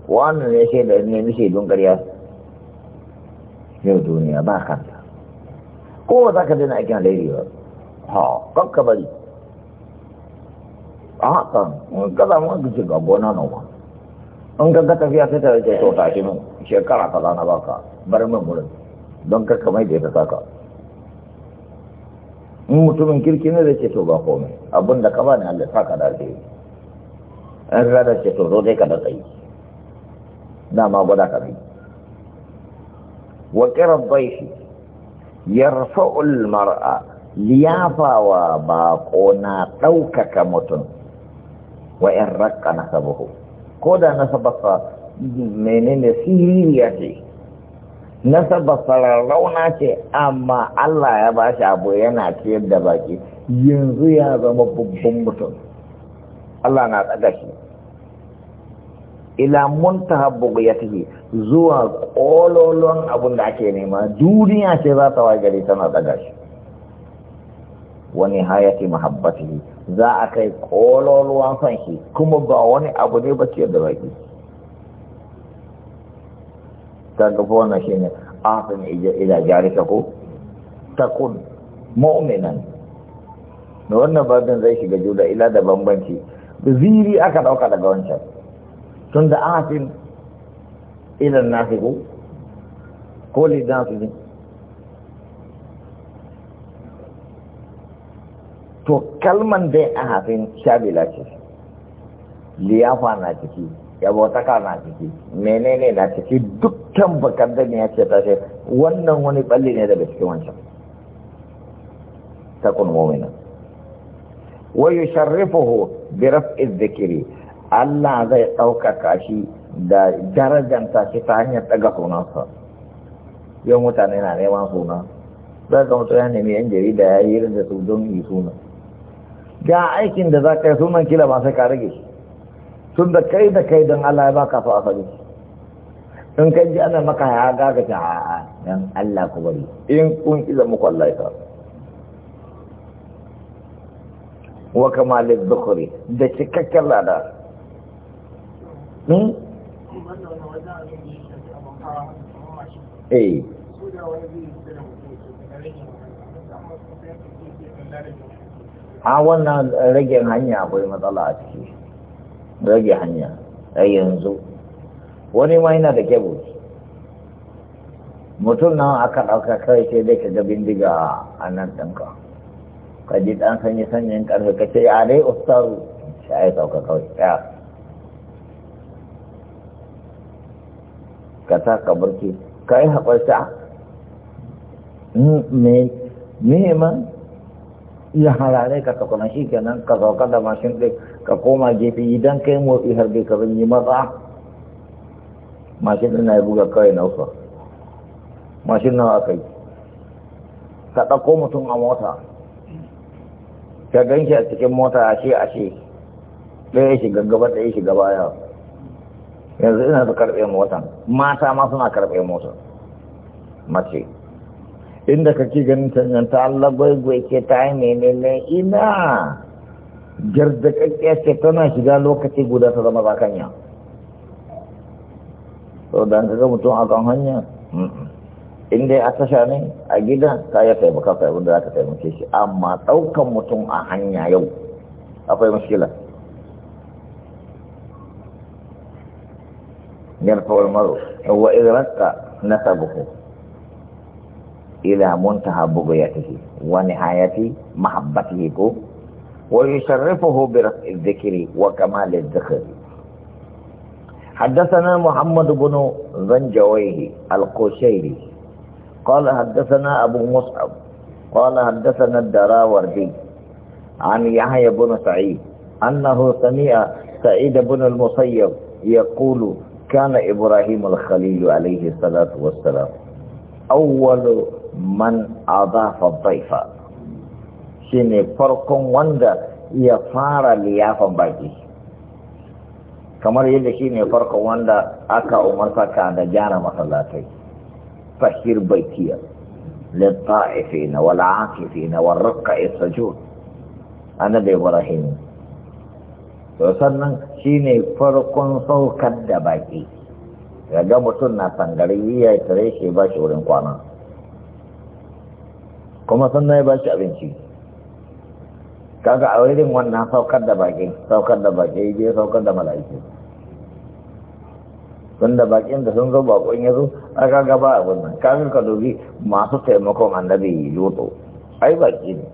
wannan ne sai da ne mishi don ƙarya yau duniya ba kanta ko ba za ka dina aikin alheri ba ha kakka bari a haka ka samu ka ga gona noma in ga tafiya sai ta rage to tashi min shekara kaza na baka bar min wurin don kar ka maida ta saka in mutumin kirki ne zai ce to ba komai abin da ka bani Allah saka da alheri in rada ce to zo dai ka da tsayi dama gwada ka wa qirar baishi yarfa'ul mar'a liyafawa baqo ko da nasabarsa menene siririya ce nasabarsa rarrauna ce amma Allah ya ba shi abu yana ciyar da baki yanzu ya zama babban mutum Allah na tsaga shi ila muntaha bughyatihi zuwa kololon abun da ake nema duniya ce za ta wa gari tana tsaga shi wani hayati mahabbatihi za a kai kololuwan son shi kuma ba wani abu ne ba ce da baki ta ga wannan shi ne afin ila jarika ko takun mu'minan da wannan babin zai shiga juna ila da bambanci da ziri aka dauka daga wancan tun da afin ilan nasi ko ko lidan su to kalman dai a hafin shabila ce liyafa na ciki yabotaka na ciki menene na ciki dukkan bakar da ya ce ta ce wannan wani balli ne daga cikin wancan Ta kun mu'mina wa sharrifuhu bi raf'i dhikri Allah zai ɗaukaka shi da darajanta shi ta hanyar ɗaga sunansa yau mutane na neman suna zai ga mutum ya yan jarida ya yi da su don yi suna ga aikin da za ka yi sunan kila ba sai ka rage tun da kai da kai don Allah ya baka fa asali in kai ji ana maka ya gaga ta a dan Allah ku bari in kun iza muku Allah ya wa kama lizzukuri da cikakken lada hmm? eh a wannan rage hanya akwai matsala a ciki rage hanya a yanzu wani ma yana da kebu mutum nan aka ɗauka kai sai dai ka ga bindiga a nan ɗinka ka ji ɗan sanyi sanyin ƙarfe ka ce a dai ustaru sai yi ɗauka kawai ɗaya ka ta barci. ka yi haƙwarsa hmm, mai muhimman. Iya halalai ka tukuna shi kenan ka sauka da mashin ɗin ka koma gefe idan kai motsi har bai ka yi maza. mashin ɗin na yi buga kawai na usa mashin nawa aka yi ka ɗauko mutum a mota ka gan shi a cikin mota ashe ashe ɗaya shiga gaba ɗaya shiga baya yanzu ina su karɓe motan mata ma suna karɓe motan mace inda kake ganin ta Allah gwaigwai ke ta yi menene ina jardakakkiya ce tana shiga lokaci guda ta zama zakanya sau da an mutum a kan hanya inda a tasha ne a gida ta ya taimaka ka abin da za ka taimake shi amma ɗaukan mutum a hanya yau akwai mashkila yarfawar maro wa idraka nasabuhu إلى منتهى بغيته ونهاية محبته ويشرفه برفع الذكر وكمال الذكر حدثنا محمد بن زنجويه القشيري قال حدثنا أبو مصعب قال حدثنا الدراوردي عن يحيى بن سعيد أنه سمع سعيد بن المصيب يقول كان إبراهيم الخليل عليه الصلاة والسلام أول man adafa daifa shine farkon wanda ya fara liyafan baki kamar yadda shi ne farkon wanda aka umarta ka da gyara masallatai fahir baitiya للطائفين والعاكفين والرقع السجود annabi ibrahim to sannan shine farkon saukar da baki ga mutum na sangare ya tare shi ba shi wurin kwana kuma sannan ya ba shi abinci kaga a wurin wannan saukar da baki saukar da baki ya je saukar da mala'iki tun da bakin da sun zo bakon ya zo a kaga ba a wannan kafin ka dubi masu taimakon annabi loto ai baki ne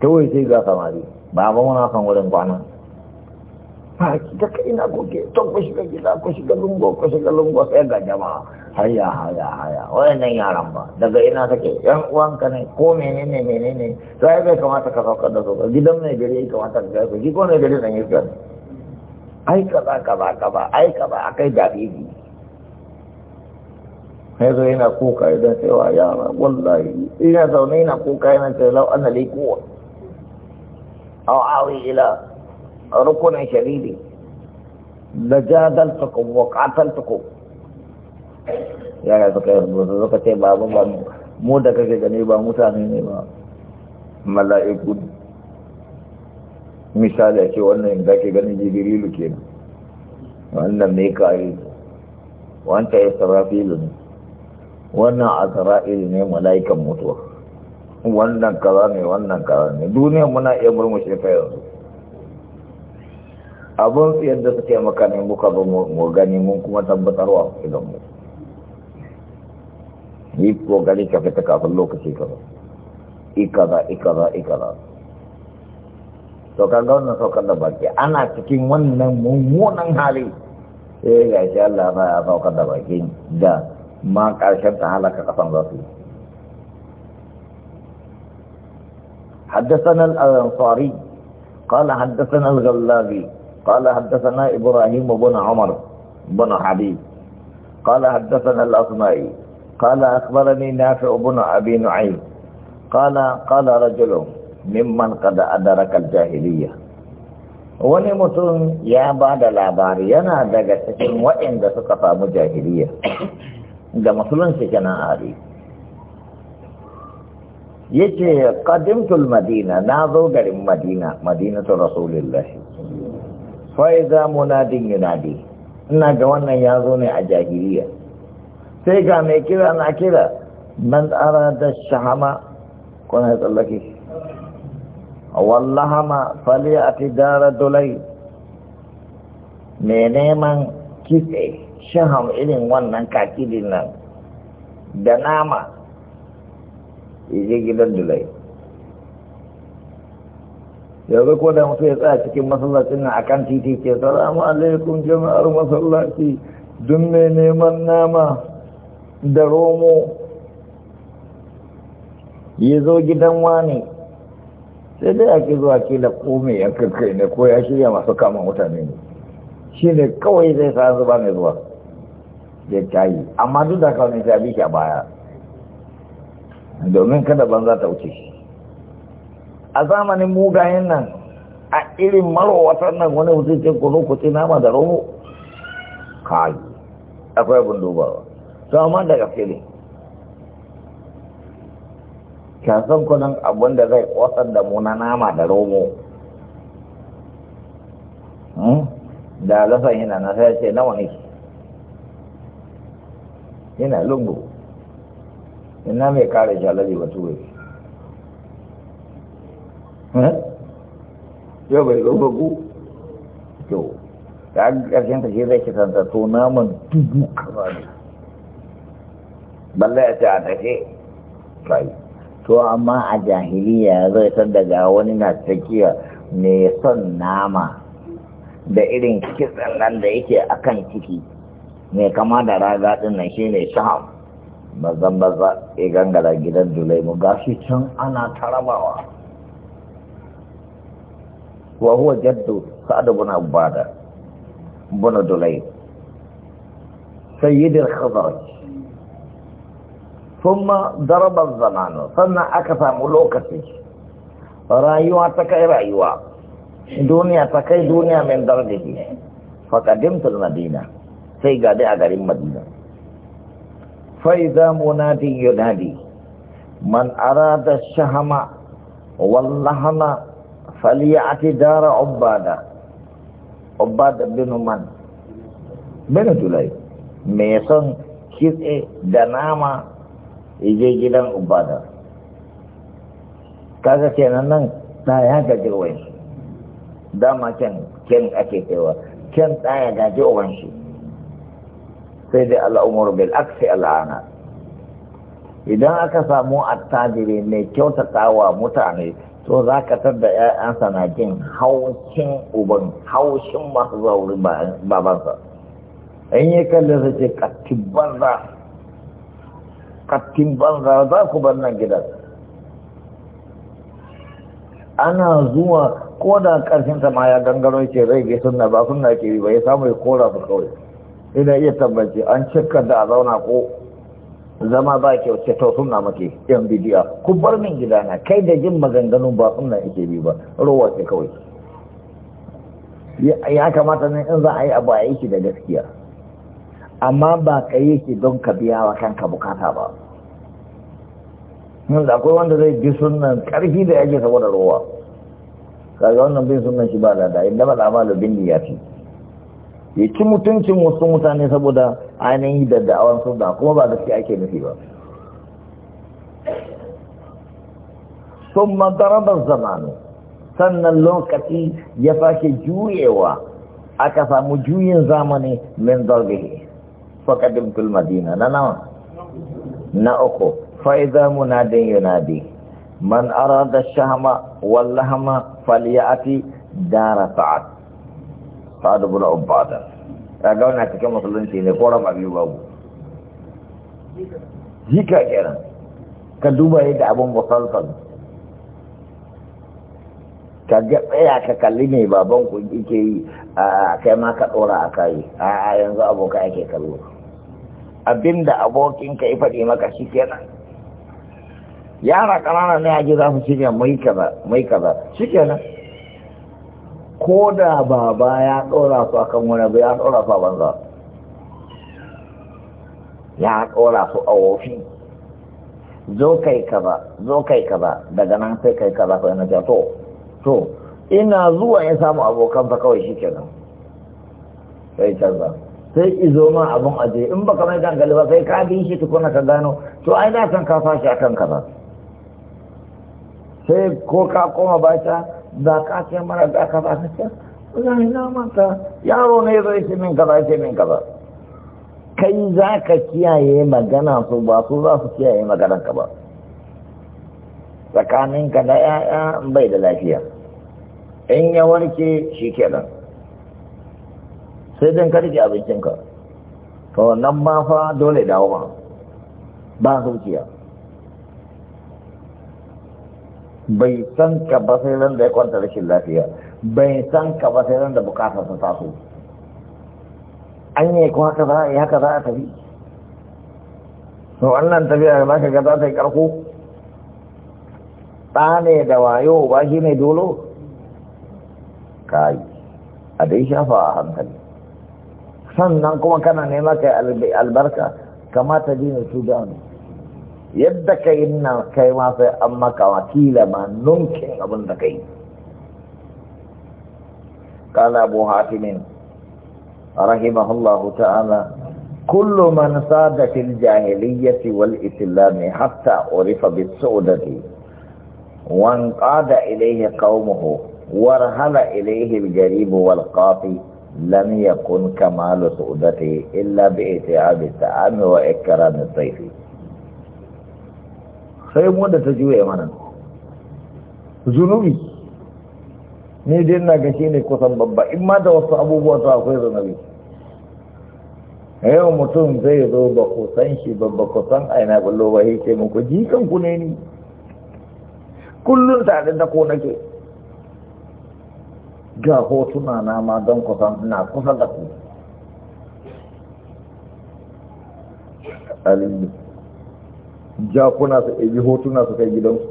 kawai sai ga samari ba ba muna son wurin kwana ba ki ta kai na goge to ku shiga gida ku shiga lungo ku shiga lungo sai ga jama'a haya haya haya wayannan yaran ba daga ina take yan uwanka ne ko menene menene to ai bai kamata ka saukar da su gidan mai gari ka wata ga gaya shi ko mai gari san yake ai ba ka ba ai ba akai dabiji sai zo ina kuka idan sai wa yara wallahi ina zaune ina kuka ina ce lau an ali kuwa aw awi ila rukunin sharidi la jadaltukum wa qataltukum yara suka yarda suka ce ba ba mu da kake gani ba mutane ne ba mala'iku misali a ce wannan yin zaki ganin jibirilu ke nan wannan mai kare wanta ya sarafilu ne wannan azra'ilu ne mala'ikan mutuwa wannan kaza ne wannan kaza ne duniya muna iya murmushe ta yanzu abun yadda suke maka ne muka ba mu gani mun kuma tabbatarwa idan mutu yi kokari ka fita kafin lokaci kaza ikaza ikaza ikaza to kaga wannan saukar da baki ana cikin wannan mummunan hali sai eh, ga shi Allah ba ya saukar da baki da ma karshen ta halaka kasan za su yi حدثنا الأنصاري قال حدثنا الغلابي قال حدثنا إبراهيم بن عمر بن حبيب قال حدثنا الأصمائي قال أخبرني نافع بن أبي نعيم قال قال رجل ممن قد أدرك الجاهلية wani mutum ya ba da labari yana daga cikin waɗanda suka samu jahiliya da musulunci kenan ari ya ce ƙadimtul madina na zo garin madina madinatun rasulullah fa'iza munadin yunadi ina ga wannan ya zo ne a jahiliya sai ga mai kira na kira man tsara da shahama kuna ya tsallake wallahama fali a dara dolai mai neman kitse shaham irin wannan kakilin nan da nama gidan dolai yanzu ko da mutu ya tsaya cikin masallacin nan akan titi ke salamu alaikum jama'ar masallaci dun mai neman nama da romo ya zo gidan wani sai dai ake zuwa kila kome ya na ne ko ya shirya masu kama mutane ne shi ne kawai zai sa zuba mai zuwa ya kayi amma duk da kawai ta bi shi a baya domin kada banza ta wuce shi a zamanin mugayen nan a irin maro watan nan wani mutum ce kunu kuce nama da romo kayi akwai abin dubawa to amma gaske ne, kyasan kudin abinda zai kwasar da mu na nama da romo hmm? da lasan yana na sai ce nawa ne yana lungu ina mai kare jalabi ba ne hmm? yau bai ku yau ta ƙarshen ta ke zai kitan ta to naman dubu kama ne balle ya ce a tafi kai to amma a jahiliya zai san daga wani na tsakiya mai son nama da irin kitsan nan da yake akan ciki mai kama da raga din nan shine shaham bazan baza ya gangara gidan ga gashi can ana tarabawa wa huwa jaddu sa'ad ibn ubada ibn Dulaym sayyid al-khazraj Tumma darabar zamanu sannan aka samu lokaci rayuwa ta kai rayuwa duniya ta kai duniya min dardihi tun madina sai ga a garin madina fa idza munadi yunadi man arada shahama wallahana ati dara obada ubada binu man binu tulay me son kitse da nama je gidan ubada kaga kenan nan ta ya gaji uwan shi dama kyan Ken ake cewa ta ɗaya gaji uwan shi sai dai al'umar bil aksi al'ana idan aka samu attajiri mai kyautata wa mutane to za ka da ‘ya'yansa na jin haushin uban haushin masu zauri babansa in yi kallon su ce katibar za kattin banza za ku bar nan gidan ana zuwa ko da karshen ta ma ya gangaro ce zai ga sunna ba sunna ke ba ya samu ya kora ba kawai idan iya tabbaci an cika da a zauna ko zama ba ke ce to sunna muke yan bidiya ku bar min na kai da jin maganganu ba sunna ke bi ba rowa ce kawai ya kamata ne in za a yi abu a yi shi da gaskiya amma ba ka yi shi don ka biya wa kanka bukata ba yanzu akwai wanda zai bi sunan karfi da yake saboda ruwa, kaga wannan bin sunan shi ba da inda ba amma da bindi ya ci mutuncin wasu mutane saboda ainihin da da'awar sunna kuma ba da ake nufi ba ثم ضرب zamanu sannan lokaci ya fashe juyewa aka samu juyin zamani min zarbihi fakadin madina na nawa na uku fa'iza munadin yunadi man arada shahama wallahama falyati dara sa'ad sa'ad bula ubbada ya ga wani a cikin musulunci ne ko rama biyu babu jika kenan ka duba yadda abin musalsal ka ga tsaya ka kalli mai babanku ike yi a kai ma ka dora a kai a yanzu abokai ake kallo Abin da abokinka ya faɗi maka shi nan yara ƙanana ne a ji za su shirya mai kaza mai kaza shi ko da baba ya ɗora su akan wani abu ya ɗora su a banza ya ɗora su a wofi zo kai kaza zo kai kaza daga nan sai kai kaza ko yana jato to ina zuwa ya samu abokan fa kawai shi nan sai canza sai izo ma abin aje in baka kamar dangali ba sai ka bi shi tukuna ka gano to ai na san ka fashi akan ka ba sai ko ka koma ta da ka ce mara da ka ba ka ce wani na manta yaro ne zai ce min ba ce min ba kai za ka kiyaye magana su ba su za su kiyaye magana ka ba tsakaninka da 'ya'ya bai da lafiya in ya warke shi kenan sai dan ka rike abincinka to wannan ma fa dole dawo ma ba zuciya bai san ka ba sai ran da ya kwanta rashin lafiya bai san ka ba sai ran da bukata ta taso an yi kuma ka za a yi haka za a tafi to wannan tafiya za ka ga za ta yi karko tsane ne da wayo ba shi ne dolo kai a dai shafa a hankali sannan kuma kana nema kai albarka kamata dina sudan yadda kai ina kai ma sai an maka wakila ma nunkin abin da kai قال أبو حاتم رحمه الله تعالى كل من صاد في الجاهلية والإسلام حتى عرف بالسعودة وانقاد إليه قومه وارهل إليه الجريب والقاطي lam yakun kamalu su'udati illa bi itiabi ta'ami wa ikrami sayfi sai Muda ta juye mana zunubi Ni dai na ga ne kusan babba in ma da wasu abubuwa to akwai zunubi yau mutum zai zo ba ku san shi ba ba ku san aina ballo ba yake muku jikan ku ne ni kullun tare da ko nake ga hotuna na ma don kusan na kusa da ku aliyu jakuna su ɗabi hotuna su kai gidansu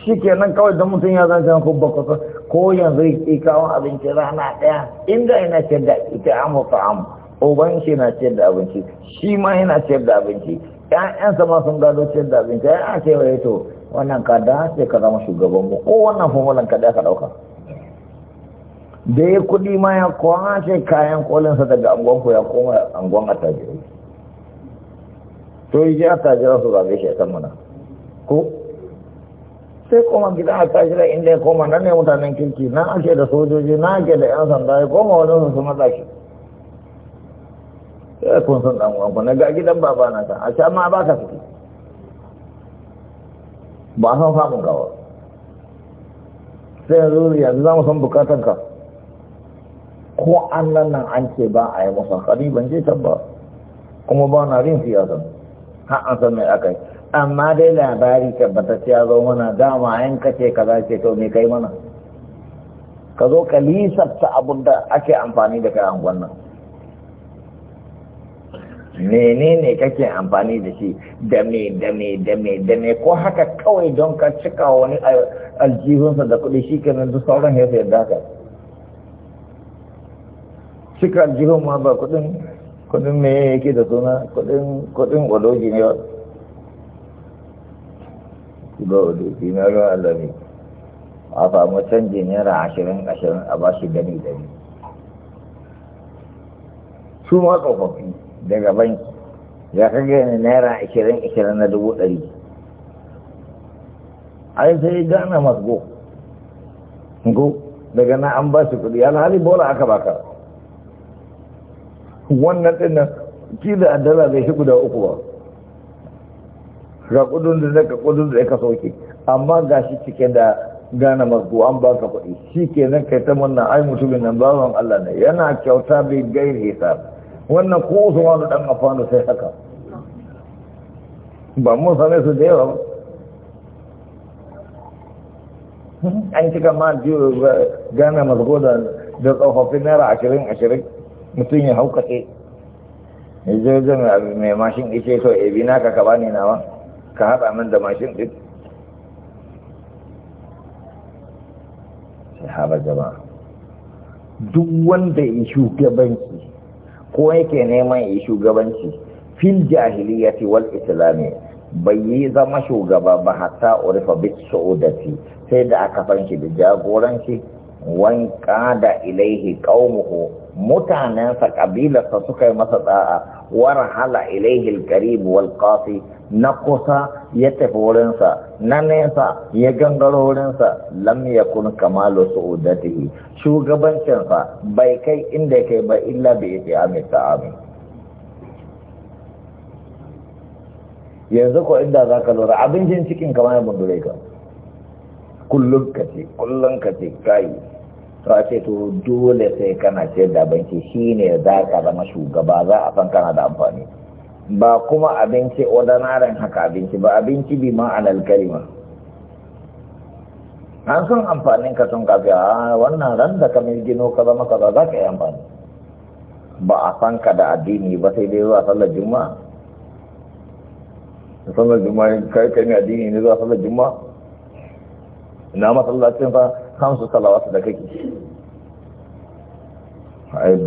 shi nan kawai don mutum ya zan can kubba kusa ko yanzu ya kawo abinci rana ɗaya inda yana ce da ita amu fa amu oban shi na ce da abinci shi ma yana ce da abinci ƴaƴansa ma sun gado ce da abinci ya ce wa to wannan ka dace ka zama shugaban mu. ko wannan formulan ka ka ɗauka da ya kuɗi ma ya kwace kayan kolinsa daga ku ya koma angon attajirai to yi ji attajirai su zabe shi a san mana ko sai koma gida a tashi inda ya koma nan ne mutanen kirki na ake da sojoji na ake da yan sanda ya koma wajen su matsa shi sai kun san dan ku na ga gidan babana ta a sha ma ba ka fiti. ba san samun gawa sai yanzu yanzu za mu san bukatan ka ko an nan nan an ce ba a yi masa kari ban je can ba kuma ba na rin siyasan har an san mai aka yi amma dai labari tabbatacce ya zo mana dama yan kace kaza ce to me kai mana ka zo ka lisafta abun da ake amfani da kai a nan. menene kake amfani da shi da me da me da me da me ko haka kawai don ka cika wani aljihunsa da kudi shi kenan duk sauran ya fi da haka cika aljihun ma ba kuɗin kudin me yake da suna kuɗin kuɗin odoji ne ba odoji na ruwa alami a samu canji naira ashirin ashirin a bashi dani dani su ma tsofaffi daga banki ya kage ni naira ashirin ashirin na dubu ɗari ai sai gana masu go daga na an ba shi kuɗi alhali bola aka baka wannan ɗin nan da a dala zai shi guda uku ba ga kudin da zaka kudin da ka sauke amma ga shi cike da gana masu an ba ka kuɗi shi ke zan kai ta wannan ai mutumin nan bawan Allah ne yana kyauta bai gairi hisab wannan ko usmanu dan afanu sai haka ba mun same su da yawa ba an cika ma gane mazgo da da tsofaffin naira ashirin ashirin mutum ya haukace ya je zan mai mashin ishe so ebi eh, naka ka bani nawa ka haɗa min da mashin ɗin sahaba jama'a duk wanda ya shugabanci ko yake neman yi shugabanci fil jahiliyyati wal islami bai yi zama shugaba ba hatta urfa bis sa'udati sai da aka fanki da jagoranci wan da ilaihi qaumuhu mutanensa ƙabilarsa suka yi masa da'a warhala ilaihi alqarib wal qasi na kusa ya tafi wurinsa na nesa ya gangaro wurinsa lam yakun kamalu su'udatihi shugabancinsa bai kai inda kai ba illa bi ihtiyami ta'ami yanzu ko inda zaka lura abincin cikin kamar bundure ka kullum ka ce kullum ka ce kai to ce to dole sai kana ce da shi ne za ka zama shugaba za a san kana da amfani ba kuma abinci ordinary haka abinci ba abinci bi ma'anar kalima an san amfanin ka sun kafi a ah, wannan ran da ka mai gino ka zama kaza za ka yi amfani ba a san ka da addini ba sai dai zuwa sallar juma'a sallar juma'a kai kai ne addini ne zuwa sallar juma'a na masallacin fa kansu salawatu da kake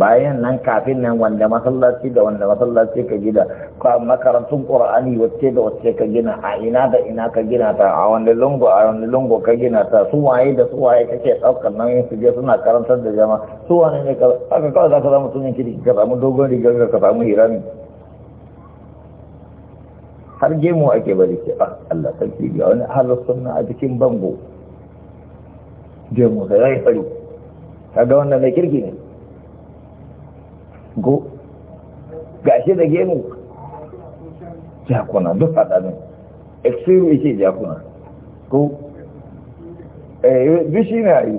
bayan nan kafin nan wanda masallaci da wanda masallaci ka gida ka makarantun qur'ani wacce da wacce ka gina a ina da ina ka gina ta a wanda lungo a wanda lungo ka gina ta su waye da su waye kake daukar nan su je suna karantar da jama'a su wane ne ka aka kawai za ka samu tunin kiri ka samu dogon rigar ka samu hirami har gemu ake bari ke ah, Allah sarki ga wani halar sunna a cikin bango jemusa ya yi fari kaga wannan mai kirki ne go gashi da gemu jakuna duk faɗaɗin extreme ce jakuna ko eh, duk shi a yi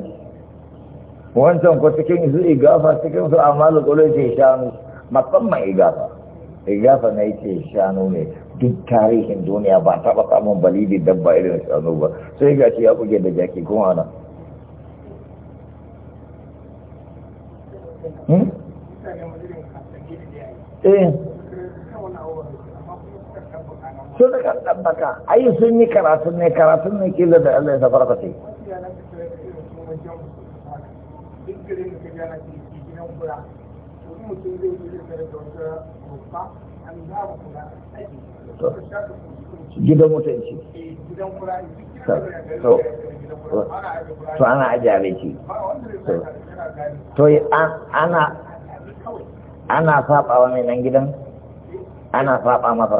wancan ko cikin su igafa cikin su amalu tsoro ce shanu musamman igafa igafa na yi ce shanu ne duk tarihin duniya ba taɓa samun balibi dabba irin shanu ba sai ga shi ya buge da jaki kuma nan Hmm? eh sun da ɗabbaka sun yi karatun ne karatun ne kila da Allah ya safar ka gidan mutunci to ana ajiye abinci to ana ana saba wa mai nan gidan ana saba masa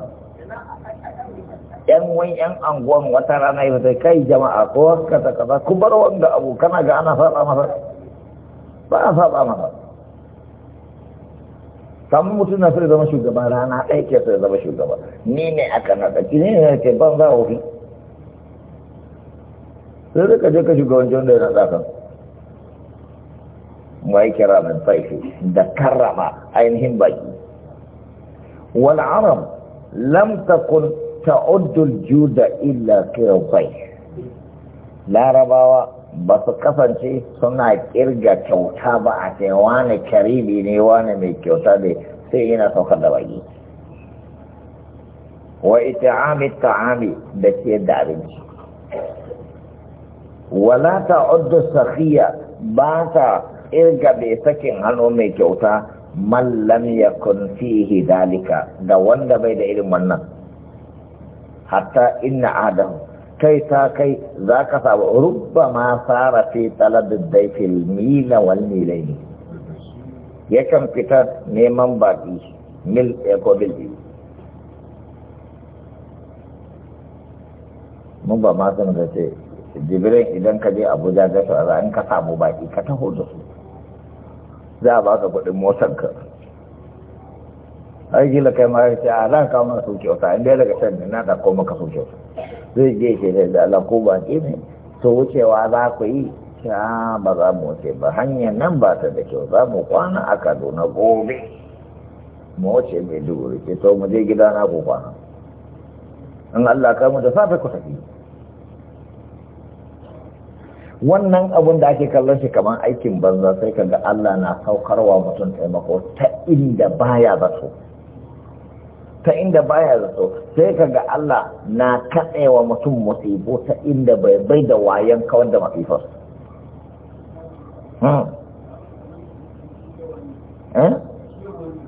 yan wani yan anguwan wata rana yi ta kai jama'a ko wasu ta kaza ku bar wanda abu kana ga ana saba masa ba a saba masa samun mutum na sai zama shugaba rana ɗaya ke sai zama shugaba ni ne aka na ki ne ne ke ban za a sai zai kaje ka wancan wanda yana zakan wai kira min faifi da karama ainihin baki wal aram lam takun ta'uddul juda illa bai larabawa ba su kasance suna kirga kyauta ba a ce wani karibi ne wani mai kyauta ne sai yana saukar da baki wa ita da ke da abinci wala ta ta'uddu Sakiya ba ta irga bai sakin hannu mai kyauta mallam lam yakun fihi dalika da wanda bai da irin wannan hatta inna adam kai ta kai za ka samu rubba ma tsara fi talabin filmi na wani laini yakan fita neman baki mil ko mil biyu mun ba ma sanar da ce jibirin idan ka je abuja ga su an ka samu baki ka taho da su za a baka kudin motar ka har gila kai mara ce a zan kawo mana kyauta in dai daga can na da ko maka su kyauta zai je ke da Allah ko baki ne to wucewa za ku yi ta ba za mu wuce ba hanyar nan ba ta da kyau za mu kwana a kaduna gobe mu wuce mai duguri ke to mu je gida na ko kwana in Allah kai mu da safe ku tafi wannan abun da ake kallon shi kamar aikin banza sai kaga Allah na saukarwa mutum taimako ta inda baya zato ta inda baya zato sai kaga Allah na katsewa mutum musibo ta inda bai bai da wayan kawar da masifar hmm. Hmm?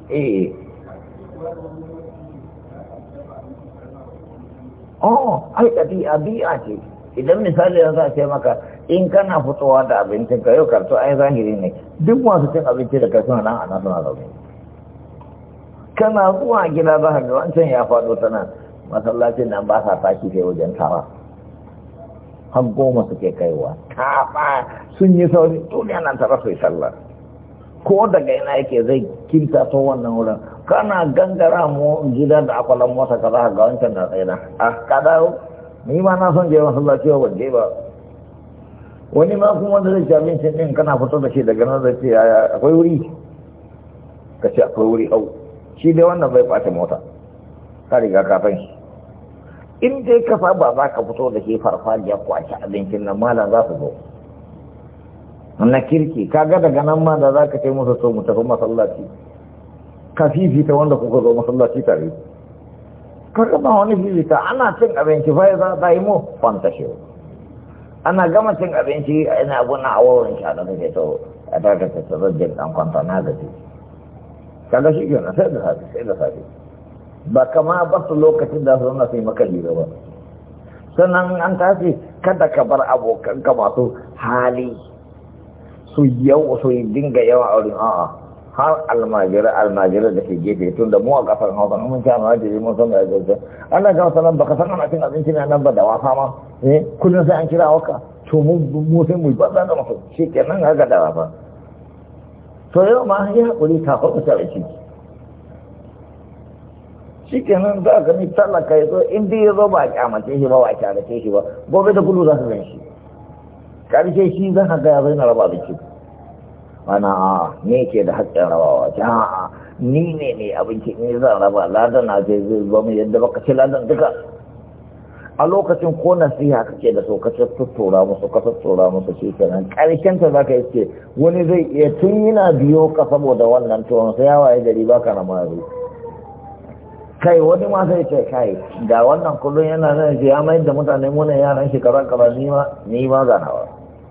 Eh. oh ai ɗabi'a ce idan misali yanzu a ce maka in kana fitowa da abincin ka yau karto ai zahiri ne duk masu cin abinci da kai suna nan a nan suna zaune kana zuwa gida za ka ga wancan ya faɗo ta nan masallacin nan ba sa taki sai wajen tara har goma suke kaiwa tafa sun yi sauri duniya nan tara su yi sallah ko daga ina yake zai kinta to wannan wurin kana gangara mu gida da akwalan mota kaza ga wancan da tsaye na a ah, kada ni ma na son je masallaci ba ban je ba wani ma kuma da zai ci abincin ɗin kana fito da shi daga nan zai ce akwai wuri ka ce akwai wuri au. shi dai wannan bai ɓata mota ka riga ka san shi in dai ka saba za ka fito da shi farfajiyar kwashi abincin nan malam za su zo na kirki ka ga daga nan ma da za ka ce musu so mu tafi masallaci ka fifita wanda kuka zo masallaci tare ka ba wani fifita ana cin abinci fa ya za a yi mu fanta shi ana gama cin abinci ina abu na wurin shi a da take to a ta ka ta rajin ɗan kwanta na gaji kaga shi ke sai da safe sai da safe ba kama ba su lokacin da su na su yi maka lura ba sannan an tafi kada ka bar abokanka masu hali su yau su dinga yawan wurin a'a har almajira almajira da ke gefe tun da mu a kafar hausa mun sha ma jiri mun san da gaske Allah ga sanan baka san ana cin abinci ne nan ba da wafa ma eh kullun sai an kira waka to mu mu sai mu ba da mu shi kenan ga da wafa to yau ma ya hakuri ta ko ta ci. shi kenan za ka ni talaka yazo in dai yazo ba kyamace shi ba ba kyamace shi ba gobe da kullu za ka gani shi karshe shi zan ga ya zai na raba da shi wani a ne ke da haƙƙin rabawa ta a ah, ni ne ne abinci ne zan raba ladan na zai zai zo mai yadda baka ce ladan duka a lokacin ko nasiha kake da so ka tattura musu ka tattura musu shi kenan karshen ta zaka yi wani zai iya tun yana biyo ka saboda wannan tuwon sai ya waye gari baka na maru kai wani ma zai ce kai ga wannan kullum yana nan ya mayar da mutane munan yaran shekara kaza ni ma ni ma ganawa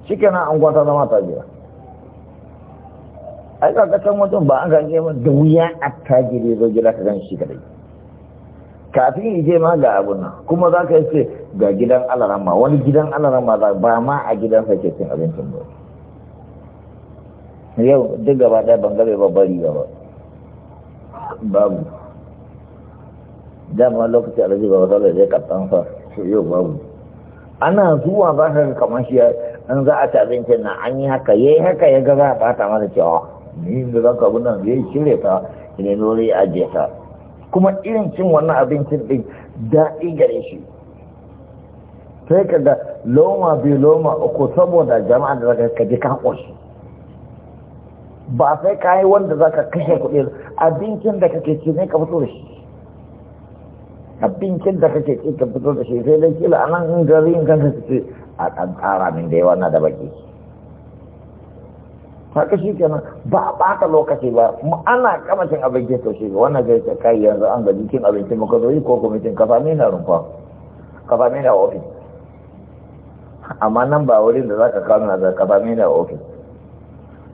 shikenan an gwata zama ta jira ai ka san mutum ba an ganje ma da wuya attajiri zo gida ka gan shi kadai kafin je ma ga abu nan kuma za ka yi ce ga gidan alarama wani gidan alarama ba ma a gidan sa ke cin abincin ba yau duk gaba ɗaya ban ba bari ba babu dama lokaci alhaji ba wasa da zai kattan sa su yau babu ana zuwa ba ka kamar shi an za a ci abincin nan an yi haka ya yi haka ya ga za a bata masa cewa ni da za ka abin nan zai shirya ta ne nemi a ta kuma irin cin wannan abincin din daɗi gare shi sai ka ga loma biyu loma uku saboda jama'a da zaka kaji ka ƙoshi ba sai ka yi wanda zaka kashe kuɗi abincin da kake ci ne ka fito da shi abincin da kake ci ka fito da shi sai dai kila anan nan in gari in kanka su ce a ƙara min da yawa na da baki haka shi kenan ba a ɓata lokaci ba ana kamacin abinci to shi wannan zai ta kai yanzu an gaji cin abinci muka zo yi ko kwamitin kafa na rumfa kafa na ofis amma nan ba wurin da za ka kawo na zai kafa na ofis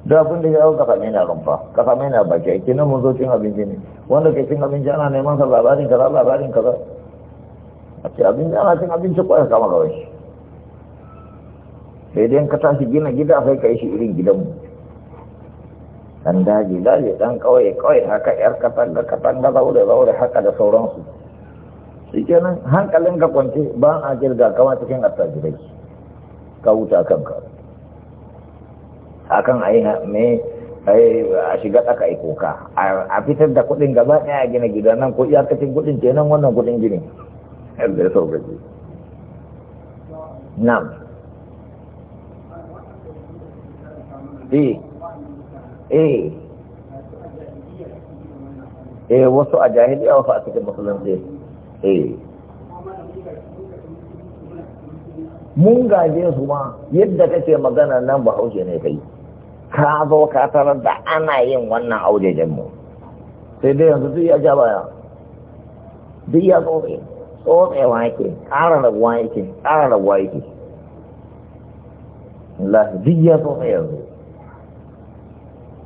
da abin da ya hau kafa na rumfa kafa na baki aiki na mun zo cin abinci ne wanda ke cin abinci ana neman sa labarin kaza labarin kaza a ce abinci ana cin abinci kwaya kama kawai sai dai ka tashi gina gida sai ka yi shi irin gidanmu dan daji daji dan kawai kawai haka yar kafan da zaure zaure haka da sauransu shi kenan hankalin ka kwance ba a jirga kama cikin attajirai ka wuta kanka akan ayi me a shiga tsaka ai koka a fitar da kuɗin gaba ɗaya gina gidan nan ko iyakacin kuɗin kenan wannan kuɗin gini da sau gaji na'am eh. eh eh wasu a jahiliya wasu a cikin musulunci eh mun gaje su ma yadda kake magana nan ba na ne kai ka zo ka tarar da ana yin wannan aujajen mu sai dai yanzu duk ya ja baya duk ya tsotse tsotsewa yake ƙara rabuwa yake ƙara rabuwa yake Allah duk ya tsotse yanzu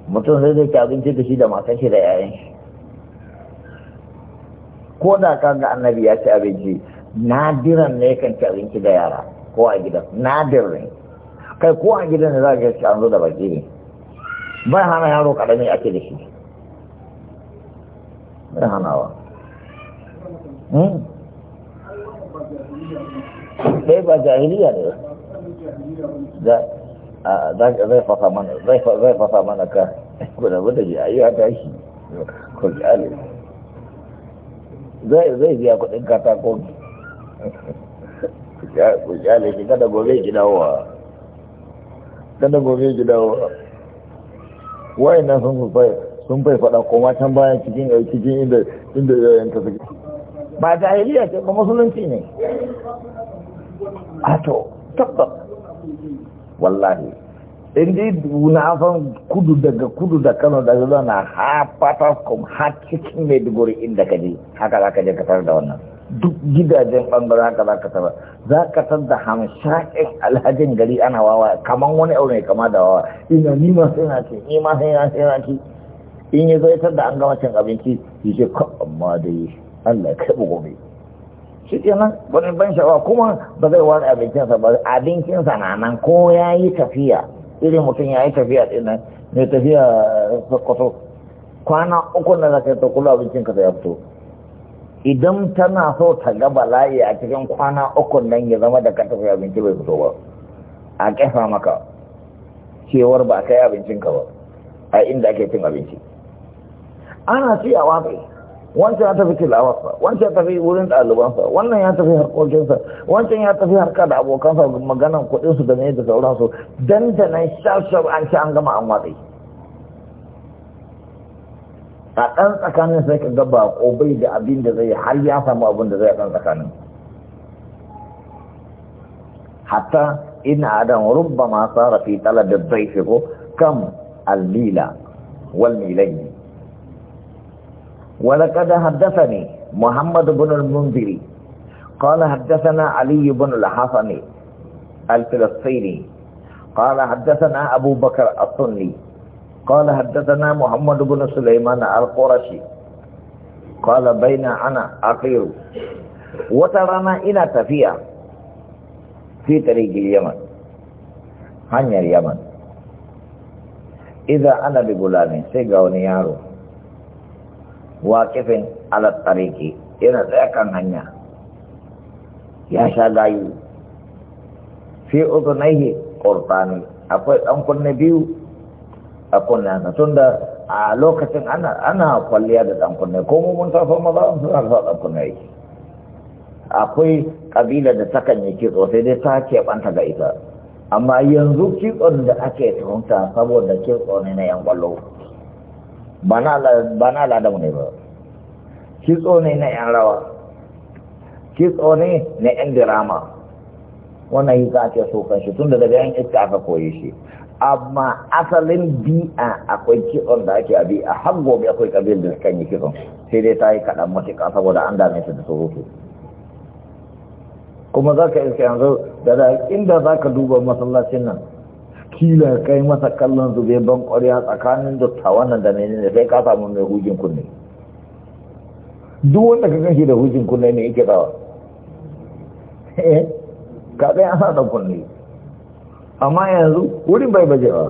mutum zai zai ci abinci da shi da matan shi da yayan shi ko da ka ga annabi ya ci abinci nadiran ne kan ci abinci da yara ko a gidan nadirin kai ko a gidan ne za ka ci an zo da baki ne bai hana yaro karami ake da shi bai hanawa ɗaya hmm? ba jahiliya ne ba zai fasa mana zai fasa mana ka guda guda ji ayi aka shi ko jale zai zai biya kudin katako ku jale shi kada gobe ki dawowa kada gobe ki dawowa wayan sun fai sun fai fada koma can bayan cikin cikin inda inda yayin ta suke ba jahiliya ce ba musulunci ne a to tabbata wallahi in dai dunafan kudu daga kudu da kano da zuwa na ha Patakom ha cikin maiduguri inda ka je haka za ka je ka da wannan duk gidajen bangaren haka za ka tara za ka tar da hamshakin alhajin gari ana wawa kamar wani aure kama da wawa ina ni ma sai na ce ni ma sai na sai na ce in ya zaitar da an gama cin abinci ya ce amma dai Allah ya kai gobe shi kenan wani ban sha'awa kuma ba zai ware abincinsa ba abincinsa na nan ko ya yi tafiya irin mutum ya yi tafiya ɗin nan mai tafiya kwana uku na zaka ta kula ka ya fito idan tana so ta ga bala'i a cikin kwana uku nan ya zama da ka tafi abinci bai fito ba a kefa maka cewar ba kai abincinka ba a inda ake cin abinci ana ci a watsi wancan ya tafi tilawarsa wancan ya tafi wurin ɗalibansa wannan ya tafi harkokinsa wancan ya tafi harka da abokansa maganan kuɗinsu da ne da sauransu dandanan shafshaf an ci an gama an watsi a ɗan tsakanin sai ka gaba ƙobai da abin da zai har ya samu abin da zai a ɗan tsakanin hatta ina adam rubba ma tsara fi da zai ko kam allila wal milayi ولقد حدثني محمد بن المنذري قال حدثنا علي بن الحسن الفلسطيني قال حدثنا أبو بكر السني قال حدثنا محمد بن سليمان القرشي قال بين أنا أقير وترانا إلى تفيا في طريق اليمن هنيا اليمن إذا أنا بغلام سيقوني يارو waƙifin alat tariki yana tsaye kan hanya ya sha gayu fi yi qurtani akwai ɗan kunne biyu a kunnensa tunda a lokacin ana kwalliya da ɗan kunne ko mu mun tafi maza sun harfa ɗan kunne yake akwai ƙabila da takan yi kitso sai dai ta ke ɓanta ga ita amma yanzu kitson da ake tuhunta saboda kitso ne na yan kwallo ba na ladamu ne ba kitso ne na 'yan rawa kitso ne na 'yan dirama wannan yi za a so kan shi tun da daga 'yan iska aka koye shi amma asalin bi'a akwai kitson da ake a bi'a har gobe akwai kabil da kan yi kitson sai dai ta yi kaɗan matuƙa saboda an dame shi da surutu kuma za ka iska yanzu da da inda za ka duba masallacin nan kila kai masa kallon zube ban ƙwarya tsakanin da nan da ne sai ka samu mai hujin kunne duk wanda ka gashi da hujin kunne ne yake dawa eh ka dai an sa kunne amma yanzu wurin bai baje ba.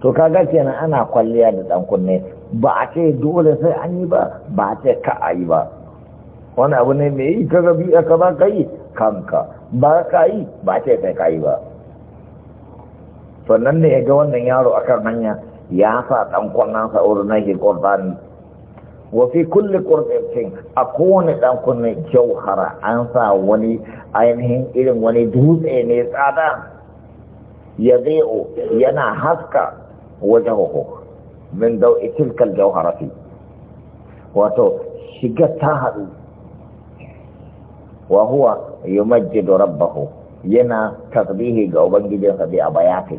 to ka kaga kenan ana kwalliya da dan kunne ba a ce dole sai an yi ba ba a ce ka a yi ba wani abu ne mai yi kaga bi ka ba ka yi kanka ba ka yi ba a ce sai ka yi ba sannan ne ya ga wannan yaro akan hanya ya sa dan kwanan sa nake Wafi kulle kulli qur'atin a kowane dan kunne jauhara an sa wani ainihin irin wani dutse ne tsada ya zai'o yana haska wajahu min dau'i tilkal fi. wato shiga ta haɗu wa huwa yumajjidu rabbahu yana tasbihi ga ubangijinsa bi a bayatin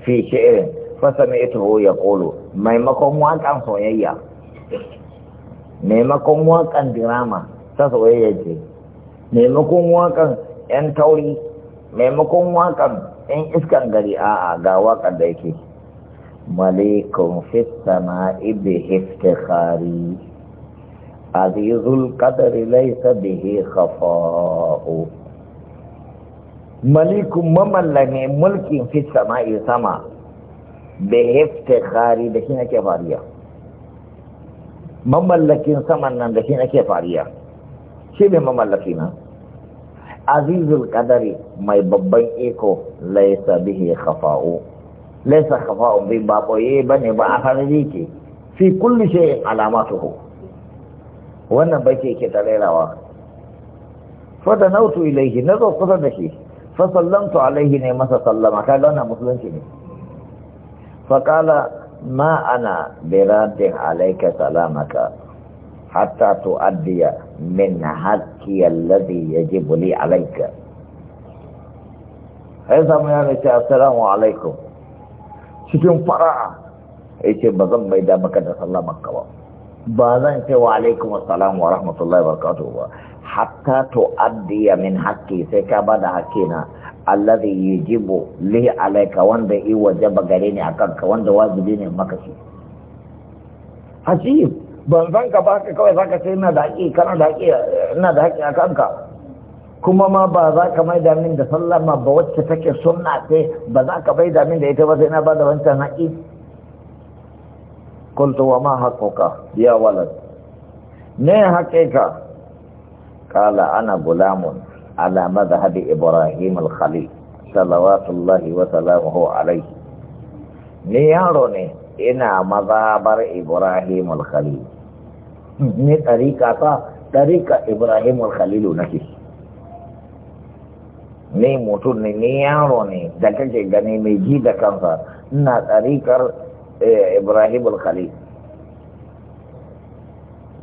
fi shi'rin fa ya yaqulu maimakon waƙan soyayya maimakon waƙan dirama ta soyayya ce maimakon waƙan 'yan tauri maimakon waƙan 'yan iskan gari a'a ga waƙan da yake malikun fistana ibi hiftikhari azizul kadari laisa bihi khafa'u malikun mamallame mulkin fistana sama bi hiftikhari da shi nake fariya mamallakin saman nan da shi ake fariya shi ne mamallaki na azizul kadari mai babban iko laisa bihi khafa'u laisa khafa'u bi ba koye bane ba a farari ke fi kulli shay alamatuhu wannan bace ke ke fa da nautu ilaihi na zo kusa da shi fa sallamtu alaihi ne masa sallama kaga wannan musulunci ne fa kala ma ana biradin alaika salamaka hatta tu'addiya min haqqi alladhi yajibu li alayka Ai zamu ya ce assalamu alaikum cikin fara'a yace ba zan mai da maka da sallama ka ba ba zan ce wa alaikum assalam wa rahmatullahi wa barakatuh ba hatta tu'addiya min haqqi sai ka bada haƙƙina alladhi yujibu li alayka wanda i wajaba gare ni akan ka wanda wajibi ne maka shi hasib ban san ka ba ka kawai zaka ce ina da haƙi kana da haƙi ina da haƙi akan kuma ma ba za ka mai da min da sallama ba wacce take sunna ce ba za ka bai da min da ita ba sai na ba da wancan haƙi kuntu wa ma haƙoƙa ya walad ne haƙe ka kala ana gulamun على مذهب إبراهيم الخليل صلوات الله وسلامه عليه نياروني إنا مذابر إبراهيم الخليل ni tarika ta tarika Ibrahim al-Khalilu nake ne mutum ne ne yaro ne da kake gani mai ji da kansa ina tarikar Ibrahim al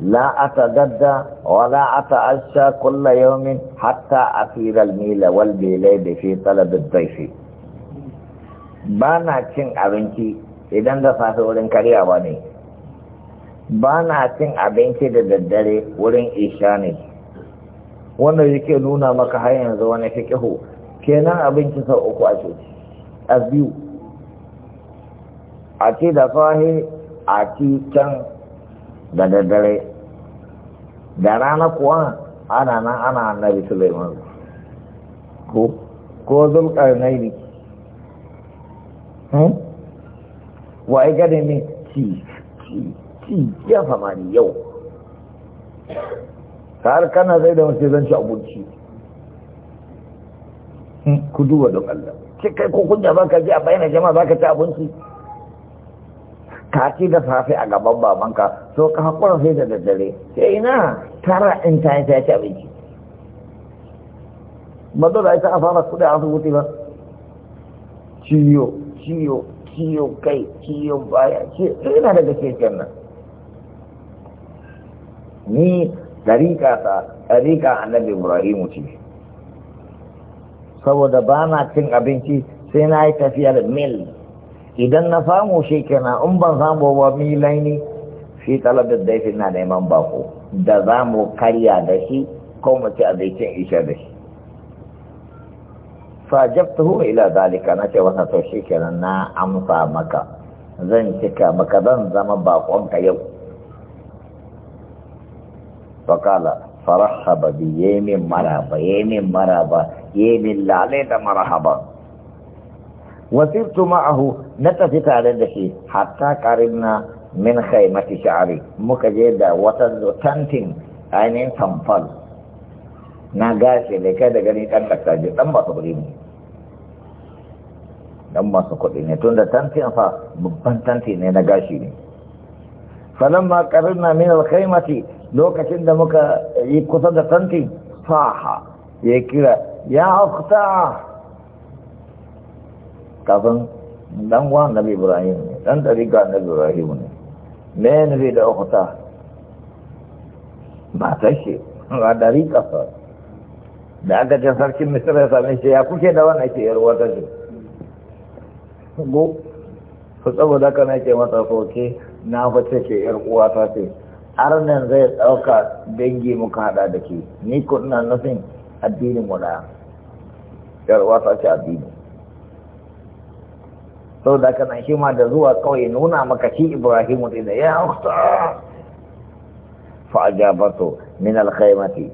gadda, wa kulla لا أتغدى ولا أتعشى كل يوم حتى da الميل والبلاد في طلب Ba na cin abinci idan da safe wurin karyawa ne ba na cin abinci da daddare wurin isha ne wannan yake nuna maka har yanzu wani fiƙihu kenan abinci sau uku a ce a biyu a ce da safe a ci can da daddare da rana kuwa ana nan ana annabi Sulaiman ko ko zulkarnaini hmm? wa ai gane ne ci ci ci ya fama ni yau Ka har kana zai da wasu zan ci abinci hmm? ku duba don Allah ce kai ko kunya ba ka ji a bayyana jama'a ba ka ci abinci ka ci da safe a gaban babanka so ka haƙura sai da daddare sai ina tara in ta yi ta ci abinci ba da ita a fara kuɗi a asibiti ba ciyo ciyo ciyo kai ciyo baya ciyo ina daga keken nan ni ɗariƙa ta ɗariƙa annabi ibrahimu ce saboda ba na cin abinci sai na yi tafiyar mil idan na samu shi kenan in ban samu ba mi laini shi talabar da na neman bako da za mu karya da shi ko mu ci abincin isha da shi hu ila zalika na ce wata to shi kenan na amsa maka zan cika maka zan zama bakon ka yau fakala farahaba bi yemin maraba yemin maraba yemin lalai da marahaba wasirtu ma'ahu na tafi tare da shi hatta karibna min khaymati sha'ari muka je da wata tantin ainihin tamfal na gashi da kai da gani dan je dan masu kuɗi ne dan masu kuɗi ne tunda tantin fa babban tantin ne na gashi ne falamma qarrna min al-khaymati lokacin da muka yi kusa da tantin faha ya kira ya ukhta kafin dan wa nabi ibrahim ne dan dariga nabi ibrahim ne me ne zai da ukhta ta shi ga dariga kafa. da aka ce sarkin misir ya same shi ya kuke da wannan ke yarwa ta shi go su saboda ka na ke masa soke na wace ke yar uwa ta ce har nan zai ɗauka dangi muka hada da ke ni ko na nufin addinin mu da yar uwa ta ce addini sau da kana shi ma da zuwa kawai nuna makashi shi ibrahimu ɗin da ya hausa fa'ajabato min alkhaimati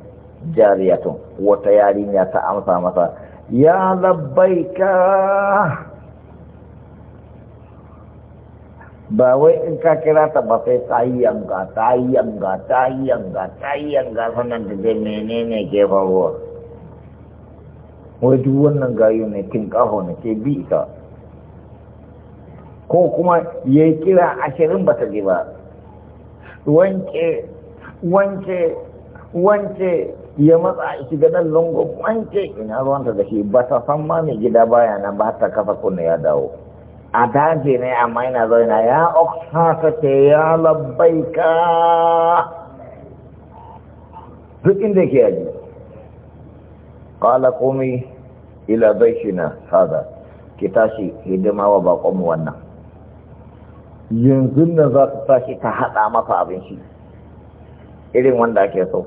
jariyatun wata yarinya ta amsa masa ya labbaika ba wai in ka kira ta ba sai ta yi yanga ta yi yanga ta yi yanga ta yi yanga sannan da zai menene ke faruwa wai duk wannan gayu ne kin kaho ne ke bi ka? ko kuma ya yi kira ashirin ba ta ba wanke wanke wanke, ya matsa shi ga dan wanke. wance ina ruwan da shi ba ta san ma mai gida baya na ba ta kafa kunna ya dawo a daji ne amma yana zaune ya ka ce ya ka? duk inda ke yaji kala qumi ila na hada ki tashi hidima wa bakonmu wannan yanzu na za ta sashi ta haɗa masa abin shi irin wanda ake so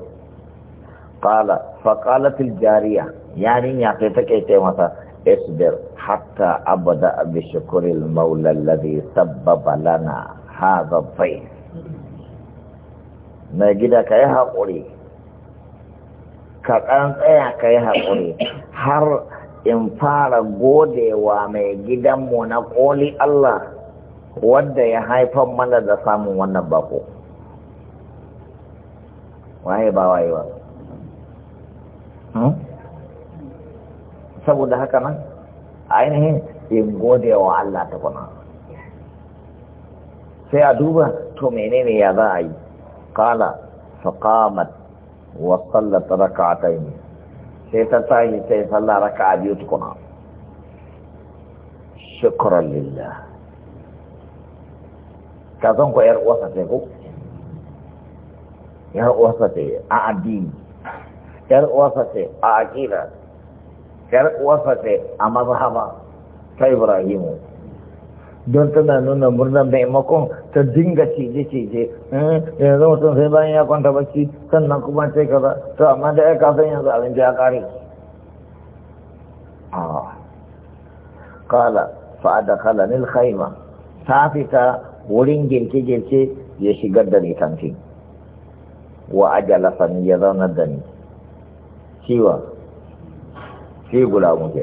qala fa jariya jariya yarinya sai take taimaka. masa isbir hatta abada abin shukril maula alladhi sabbaba lana haza bai na gida yi haƙuri ka ɗan tsaya yi haƙuri har in fara godewa mai gidanmu na ƙoli Allah wanda ya haifar mana da samun wannan bako waye ba waye ba hmm? saboda haka nan ainihin in gode wa Allah ta kuna sai a duba to menene ya za a yi kala faƙamat wa sallata raka'atayn sai ta tsaye sai sallah a biyu tukuna shukran lillah ka san ko yar uwarsa ce ko yar uwarsa ce a addini yar uwarsa ce a aqida yar uwarsa ce a mazhaba ta Ibrahimu don tana nuna murnar maimakon ta dinga cije-cije yanzu mutum sai bayan ya kwanta bacci sannan kuma ce kaza to amma da ya kasan yanzu abinci ya kare kala fa'ada kala nil khaima ta fita wurin girke-girke ya shigar da ni kantin wa ajala sani ya zaunar da ni ciwa shi gulamu ke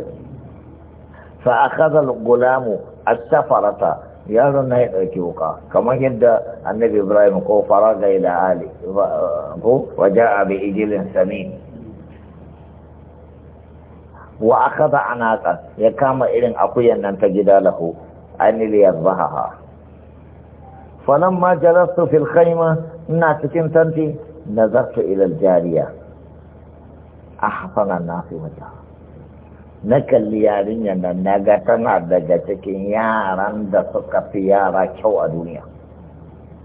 sa a al-gulamu as-safarata yaron na ya ɗauki wuka kamar yadda annabi ibrahim ko faraga ila ali ko a bi ijilin sami wa a akhadha anaqa ya kama irin akuyan nan ta gida lahu an li yadhaha فلما جلست في الخيمة ناتكين تنتي نظرت إلى الجارية أحسن الناس وجهها na kalli yarinyar nan na ga tana daga cikin yaran da suka fi yara kyau a duniya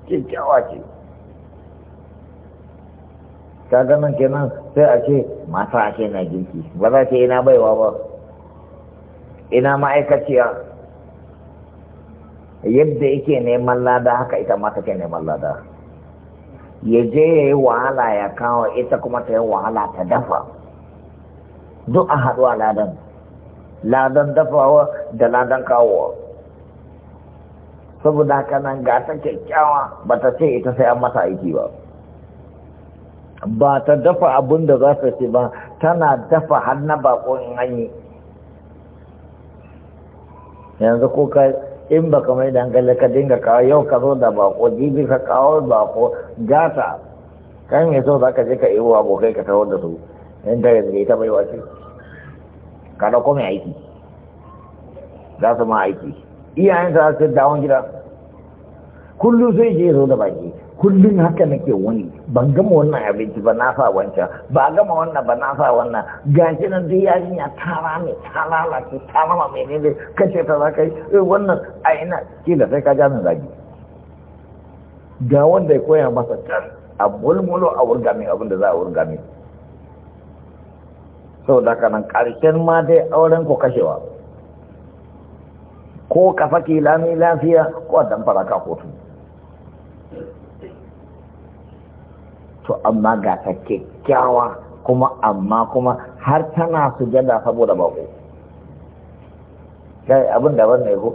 kyakkyawa ce ta ganin kenan sai a ce mata ake na girki ba za ta ina baiwa ba ina ma'aikaciya yadda yake neman lada haka ita ma take neman lada ya je ya yi wahala ya kawo ita kuma ta yi wahala ta dafa duk a haɗuwa ladan ladan dafawa da ladan kawowa saboda haka nan ga ta kyakkyawa ba ta ce ita sai an mata aiki ba ba ta dafa abin da za ta ce ba tana dafa har na bakon hanyi yanzu ko kai in ba ka mai da ka dinga kawo yau ka zo da bako jibi ka kawo bako gata kan ya so za ka je ka wa abokai ka tawar da su in ta yanzu ta bai wace ka dauko mai aiki za su ma aiki iyayen sa su dawon gida kullum zai je zo da baki kullum haka nake wani ban gama wannan abinci ba na sa wancan ba gama wannan ba na sa wannan gashi nan duk yarinya ta rame ta lalace ta rama menene kace ta za ka yi eh, wannan a ina kila sai ka ja min zagi ga wanda ya koya masa can a bulmulo a wurga min abin da za a wurga min sau da kanan ƙarshen ma dai auren ku kashewa ko ka fake lami lafiya ko a damfara ka kotu to amma ga ta kyakkyawa kuma amma kuma har tana su jada saboda bako kai abin da ne ko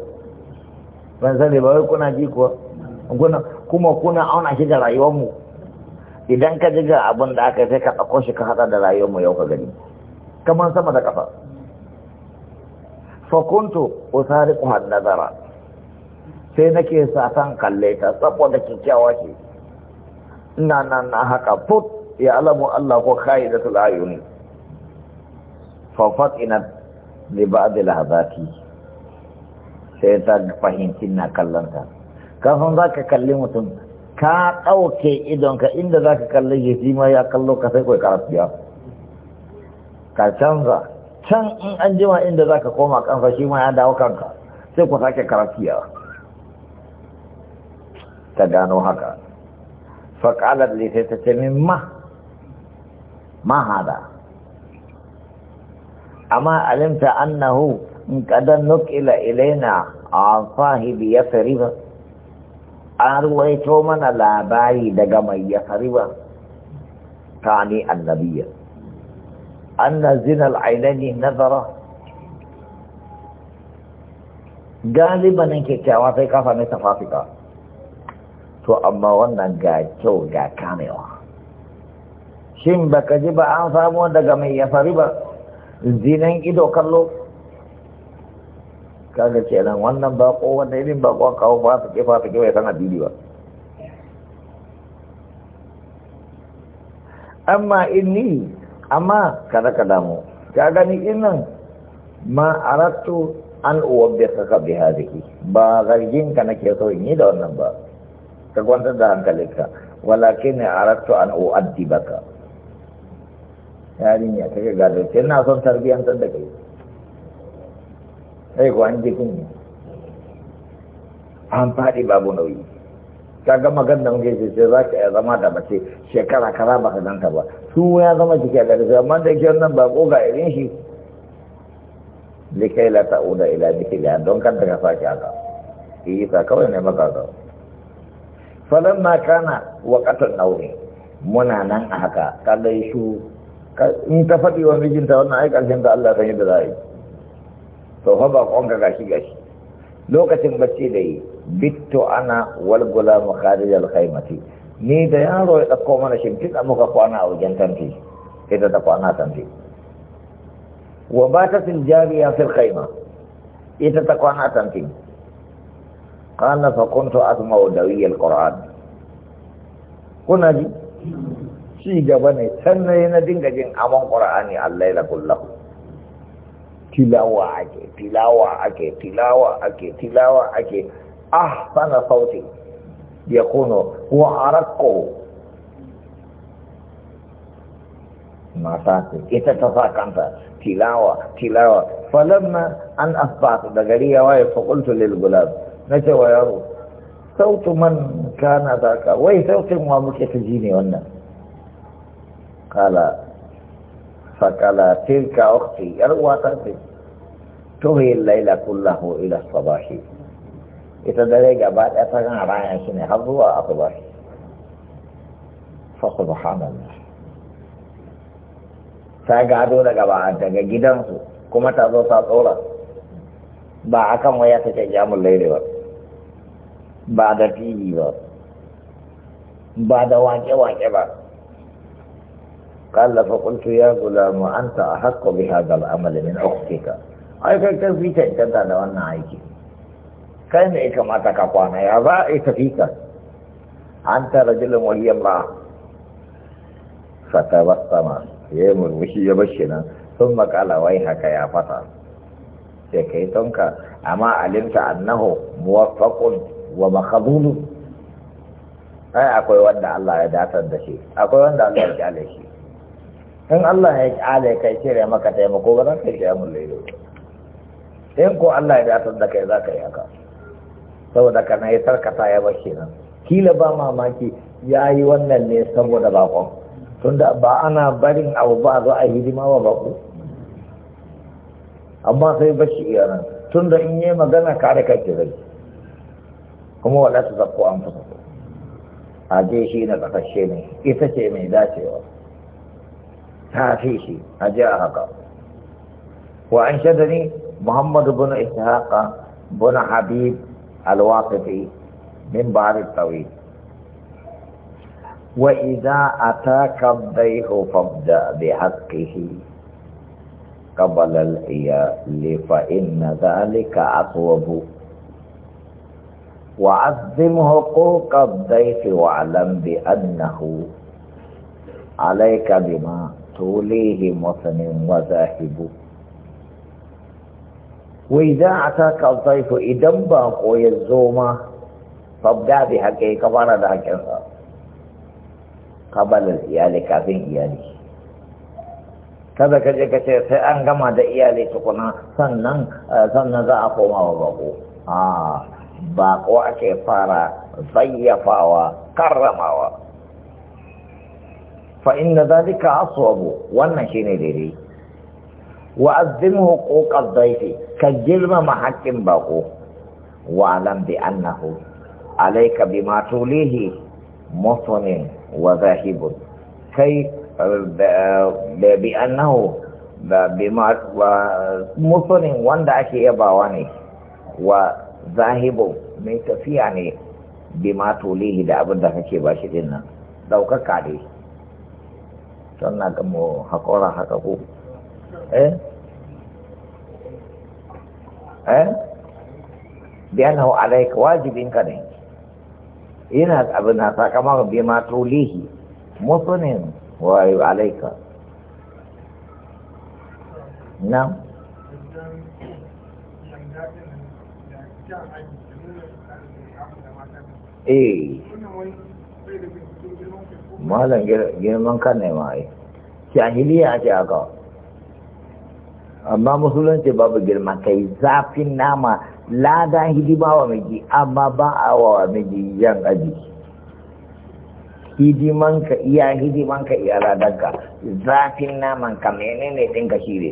ban sani ba wai kuna ji kuwa kuna kuma kuna auna shi da rayuwar mu idan ka ji ga abin da aka sai ka ɗauko shi ka haɗa da rayuwar mu yau ka gani kamar sama da kafa fakuntu usariqu hadnazara sai nake sa san kalle ta saboda kyakkyawa ce na na na haka put ya alamu Allah ko kai da ayuni fa ina li ba'd lahazati sai ta fahimci na kallanta kafin zaka kalli mutum ka dauke idonka inda zaka kalle shi shi ma ya kallo ka sai kai karafiya ka canza can in an jima inda za ka koma kansa shi ma ya dawo kanka sai ku sake karafiya ta gano haka فقالت لي تتمين ما ما هذا أما علمت أنه قد نقل إلينا عن صاحب يسرب أرويتو من لا باري دقم يسرب تعني النبي أن زنا العينين نظرة قالبا انك كواتي كافة متفاتي كافة to amma wannan ga kyau ga kamewa shin baka ji ba an samu daga mai ya faru ba zinan ido kallo kaga kenan wannan bako wanda irin bako kawo ba su kefa su kewa ya san addini ba amma inni amma kada ka damu ka gani innan ma arattu an uwabbiyaka bi hadhihi ba zargin ka nake so in yi da wannan ba ka kwantar da hankalinka walakin ne arattu an u'addibaka yarinya ta ga gado ce na son tarbiyantar da kai sai ko an ji kunya an faɗi babu nauyi ka ga magan da muke ce za ka iya zama da mace shekara kaza ba ka ganta ba su ya zama jiki a gari amma da ke wannan ba ko ga irin shi likai la ta'uda ila dikila don kan daga sake haka yi ta kawai ne maka kawai falon ma kana waƙatar aure muna nan a haka kada yi su in ta faɗi wa mijinta wannan aikar ƙarshen ta Allah san yadda za a yi to fa ba kwanka gashi gashi lokacin bacci da yi bitto ana walgula mu kharijal khaimati ni da yaro ya ɗauko mana shimfiɗa muka kwana a wajen tanti ita ta kwana tanti wa ba ta jariya fil khaima ita ta kwana tanti قال فكنت أسمع دوي القرآن كنا جي شي جبني سنة يندين جين أمام na الليل tilawa ake tilawa ake tilawa ake tilawa ake ahsana sauti yakunu wa araqqu mata ita ta sa tilawa tilawa falamma an asbata da gari ya waye lil gulab na cewa yaro sautu man kana zaka wai sautin wa muke ta ji ne wannan kala fakala tilka wakti yar wata ce tuhi laila kullahu ila sabahi ita dare gaba ɗaya ta kan raya shi ne har zuwa asubahi fa subhanallah ta gado daga ba daga gidansu kuma ta zo ta tsora ba akan waya take jamun laile ba ba da fili ba ba da wake-wake ba kalla kuntu ya gulamu an ta a haƙƙo bi ha gal amali min uktika ai kan fi cancanta da wannan aiki kai ne ya kamata ka kwana ya za a yi tafi ka an ta rajulun wahiyar ba fata sama ya yi murmushi ya bashi nan sun makala wai haka ya fata sai kai tonka amma alimta annahu muwaffaqun wa makhazulu ai akwai wanda Allah ya datar da shi akwai wanda Allah ya kyale shi in Allah ya kyale kai cire maka taimako ba za ka yi mun lailo in ko Allah ya datar da kai za ka yi haka saboda ka na yi tarkata ya bashi nan kila ba mamaki ya yi wannan ne saboda bakon tunda ba ana barin abu ba zo a hidima wa bako amma sai bashi iya nan tunda in yi magana kare kake zai kuma wala su zakko an fusa a je shi na kasashe ne ita ce mai dacewa ta fi shi a je a haka wa an shaɗa ne muhammadu bin ishaqa bin habib alwaqifi min bari tsawi wa idza ataka dayhu fabda bi haqqihi qabla al-iya li fa inna dhalika atwabu وعظم حقوق الضيف واعلم بأنه عليك بما توليه مسلم وذاهب وإذا أتاك الضيف إذن باق ويزوما فابدأ بحقه كفارة ذاكرة قبل الإيالي كافين إيالي kada ka je ka ce sai an gama da iyali tukuna sannan sannan za a koma wa bako a baƙo ake fara zayyafawa karramawa fa inna zalika aswabu wannan shine daidai wa azzimu huquqad dayfi ka girmama haƙƙin baƙo wa alam bi annahu alayka bima tulihi musulmin wa zahibun kai da eh, bi annahu eh, bima wanda ake yabawa ne wa zahibu mai tafiya ne bi ma tolihi da abin da kake ba shi din nan ɗaukaka ne sannan ga mu haƙora haka ko eh eh biyan hau alaika ka ne yana abin na sakamakon bi ma tolihi mutunin wayo alaika nan eh malam girman kan ne ma ai jahiliya ce aka amma musulunci babu girma kai zafin nama lada hidima wa miji amma ba a wa miji yan aji hidimanka iya hidimanka iya ladanka zafin naman ka menene ɗinka shi ne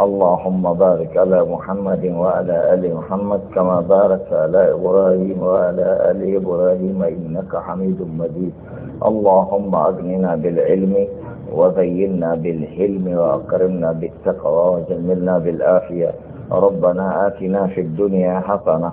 اللهم بارك على محمد وعلى آل محمد كما باركت على إبراهيم وعلى آل إبراهيم إنك حميد مجيد اللهم أغننا بالعلم وزينا بالحلم وأكرمنا بالتقوى وجملنا بالآفية ربنا آتنا في الدنيا حسنة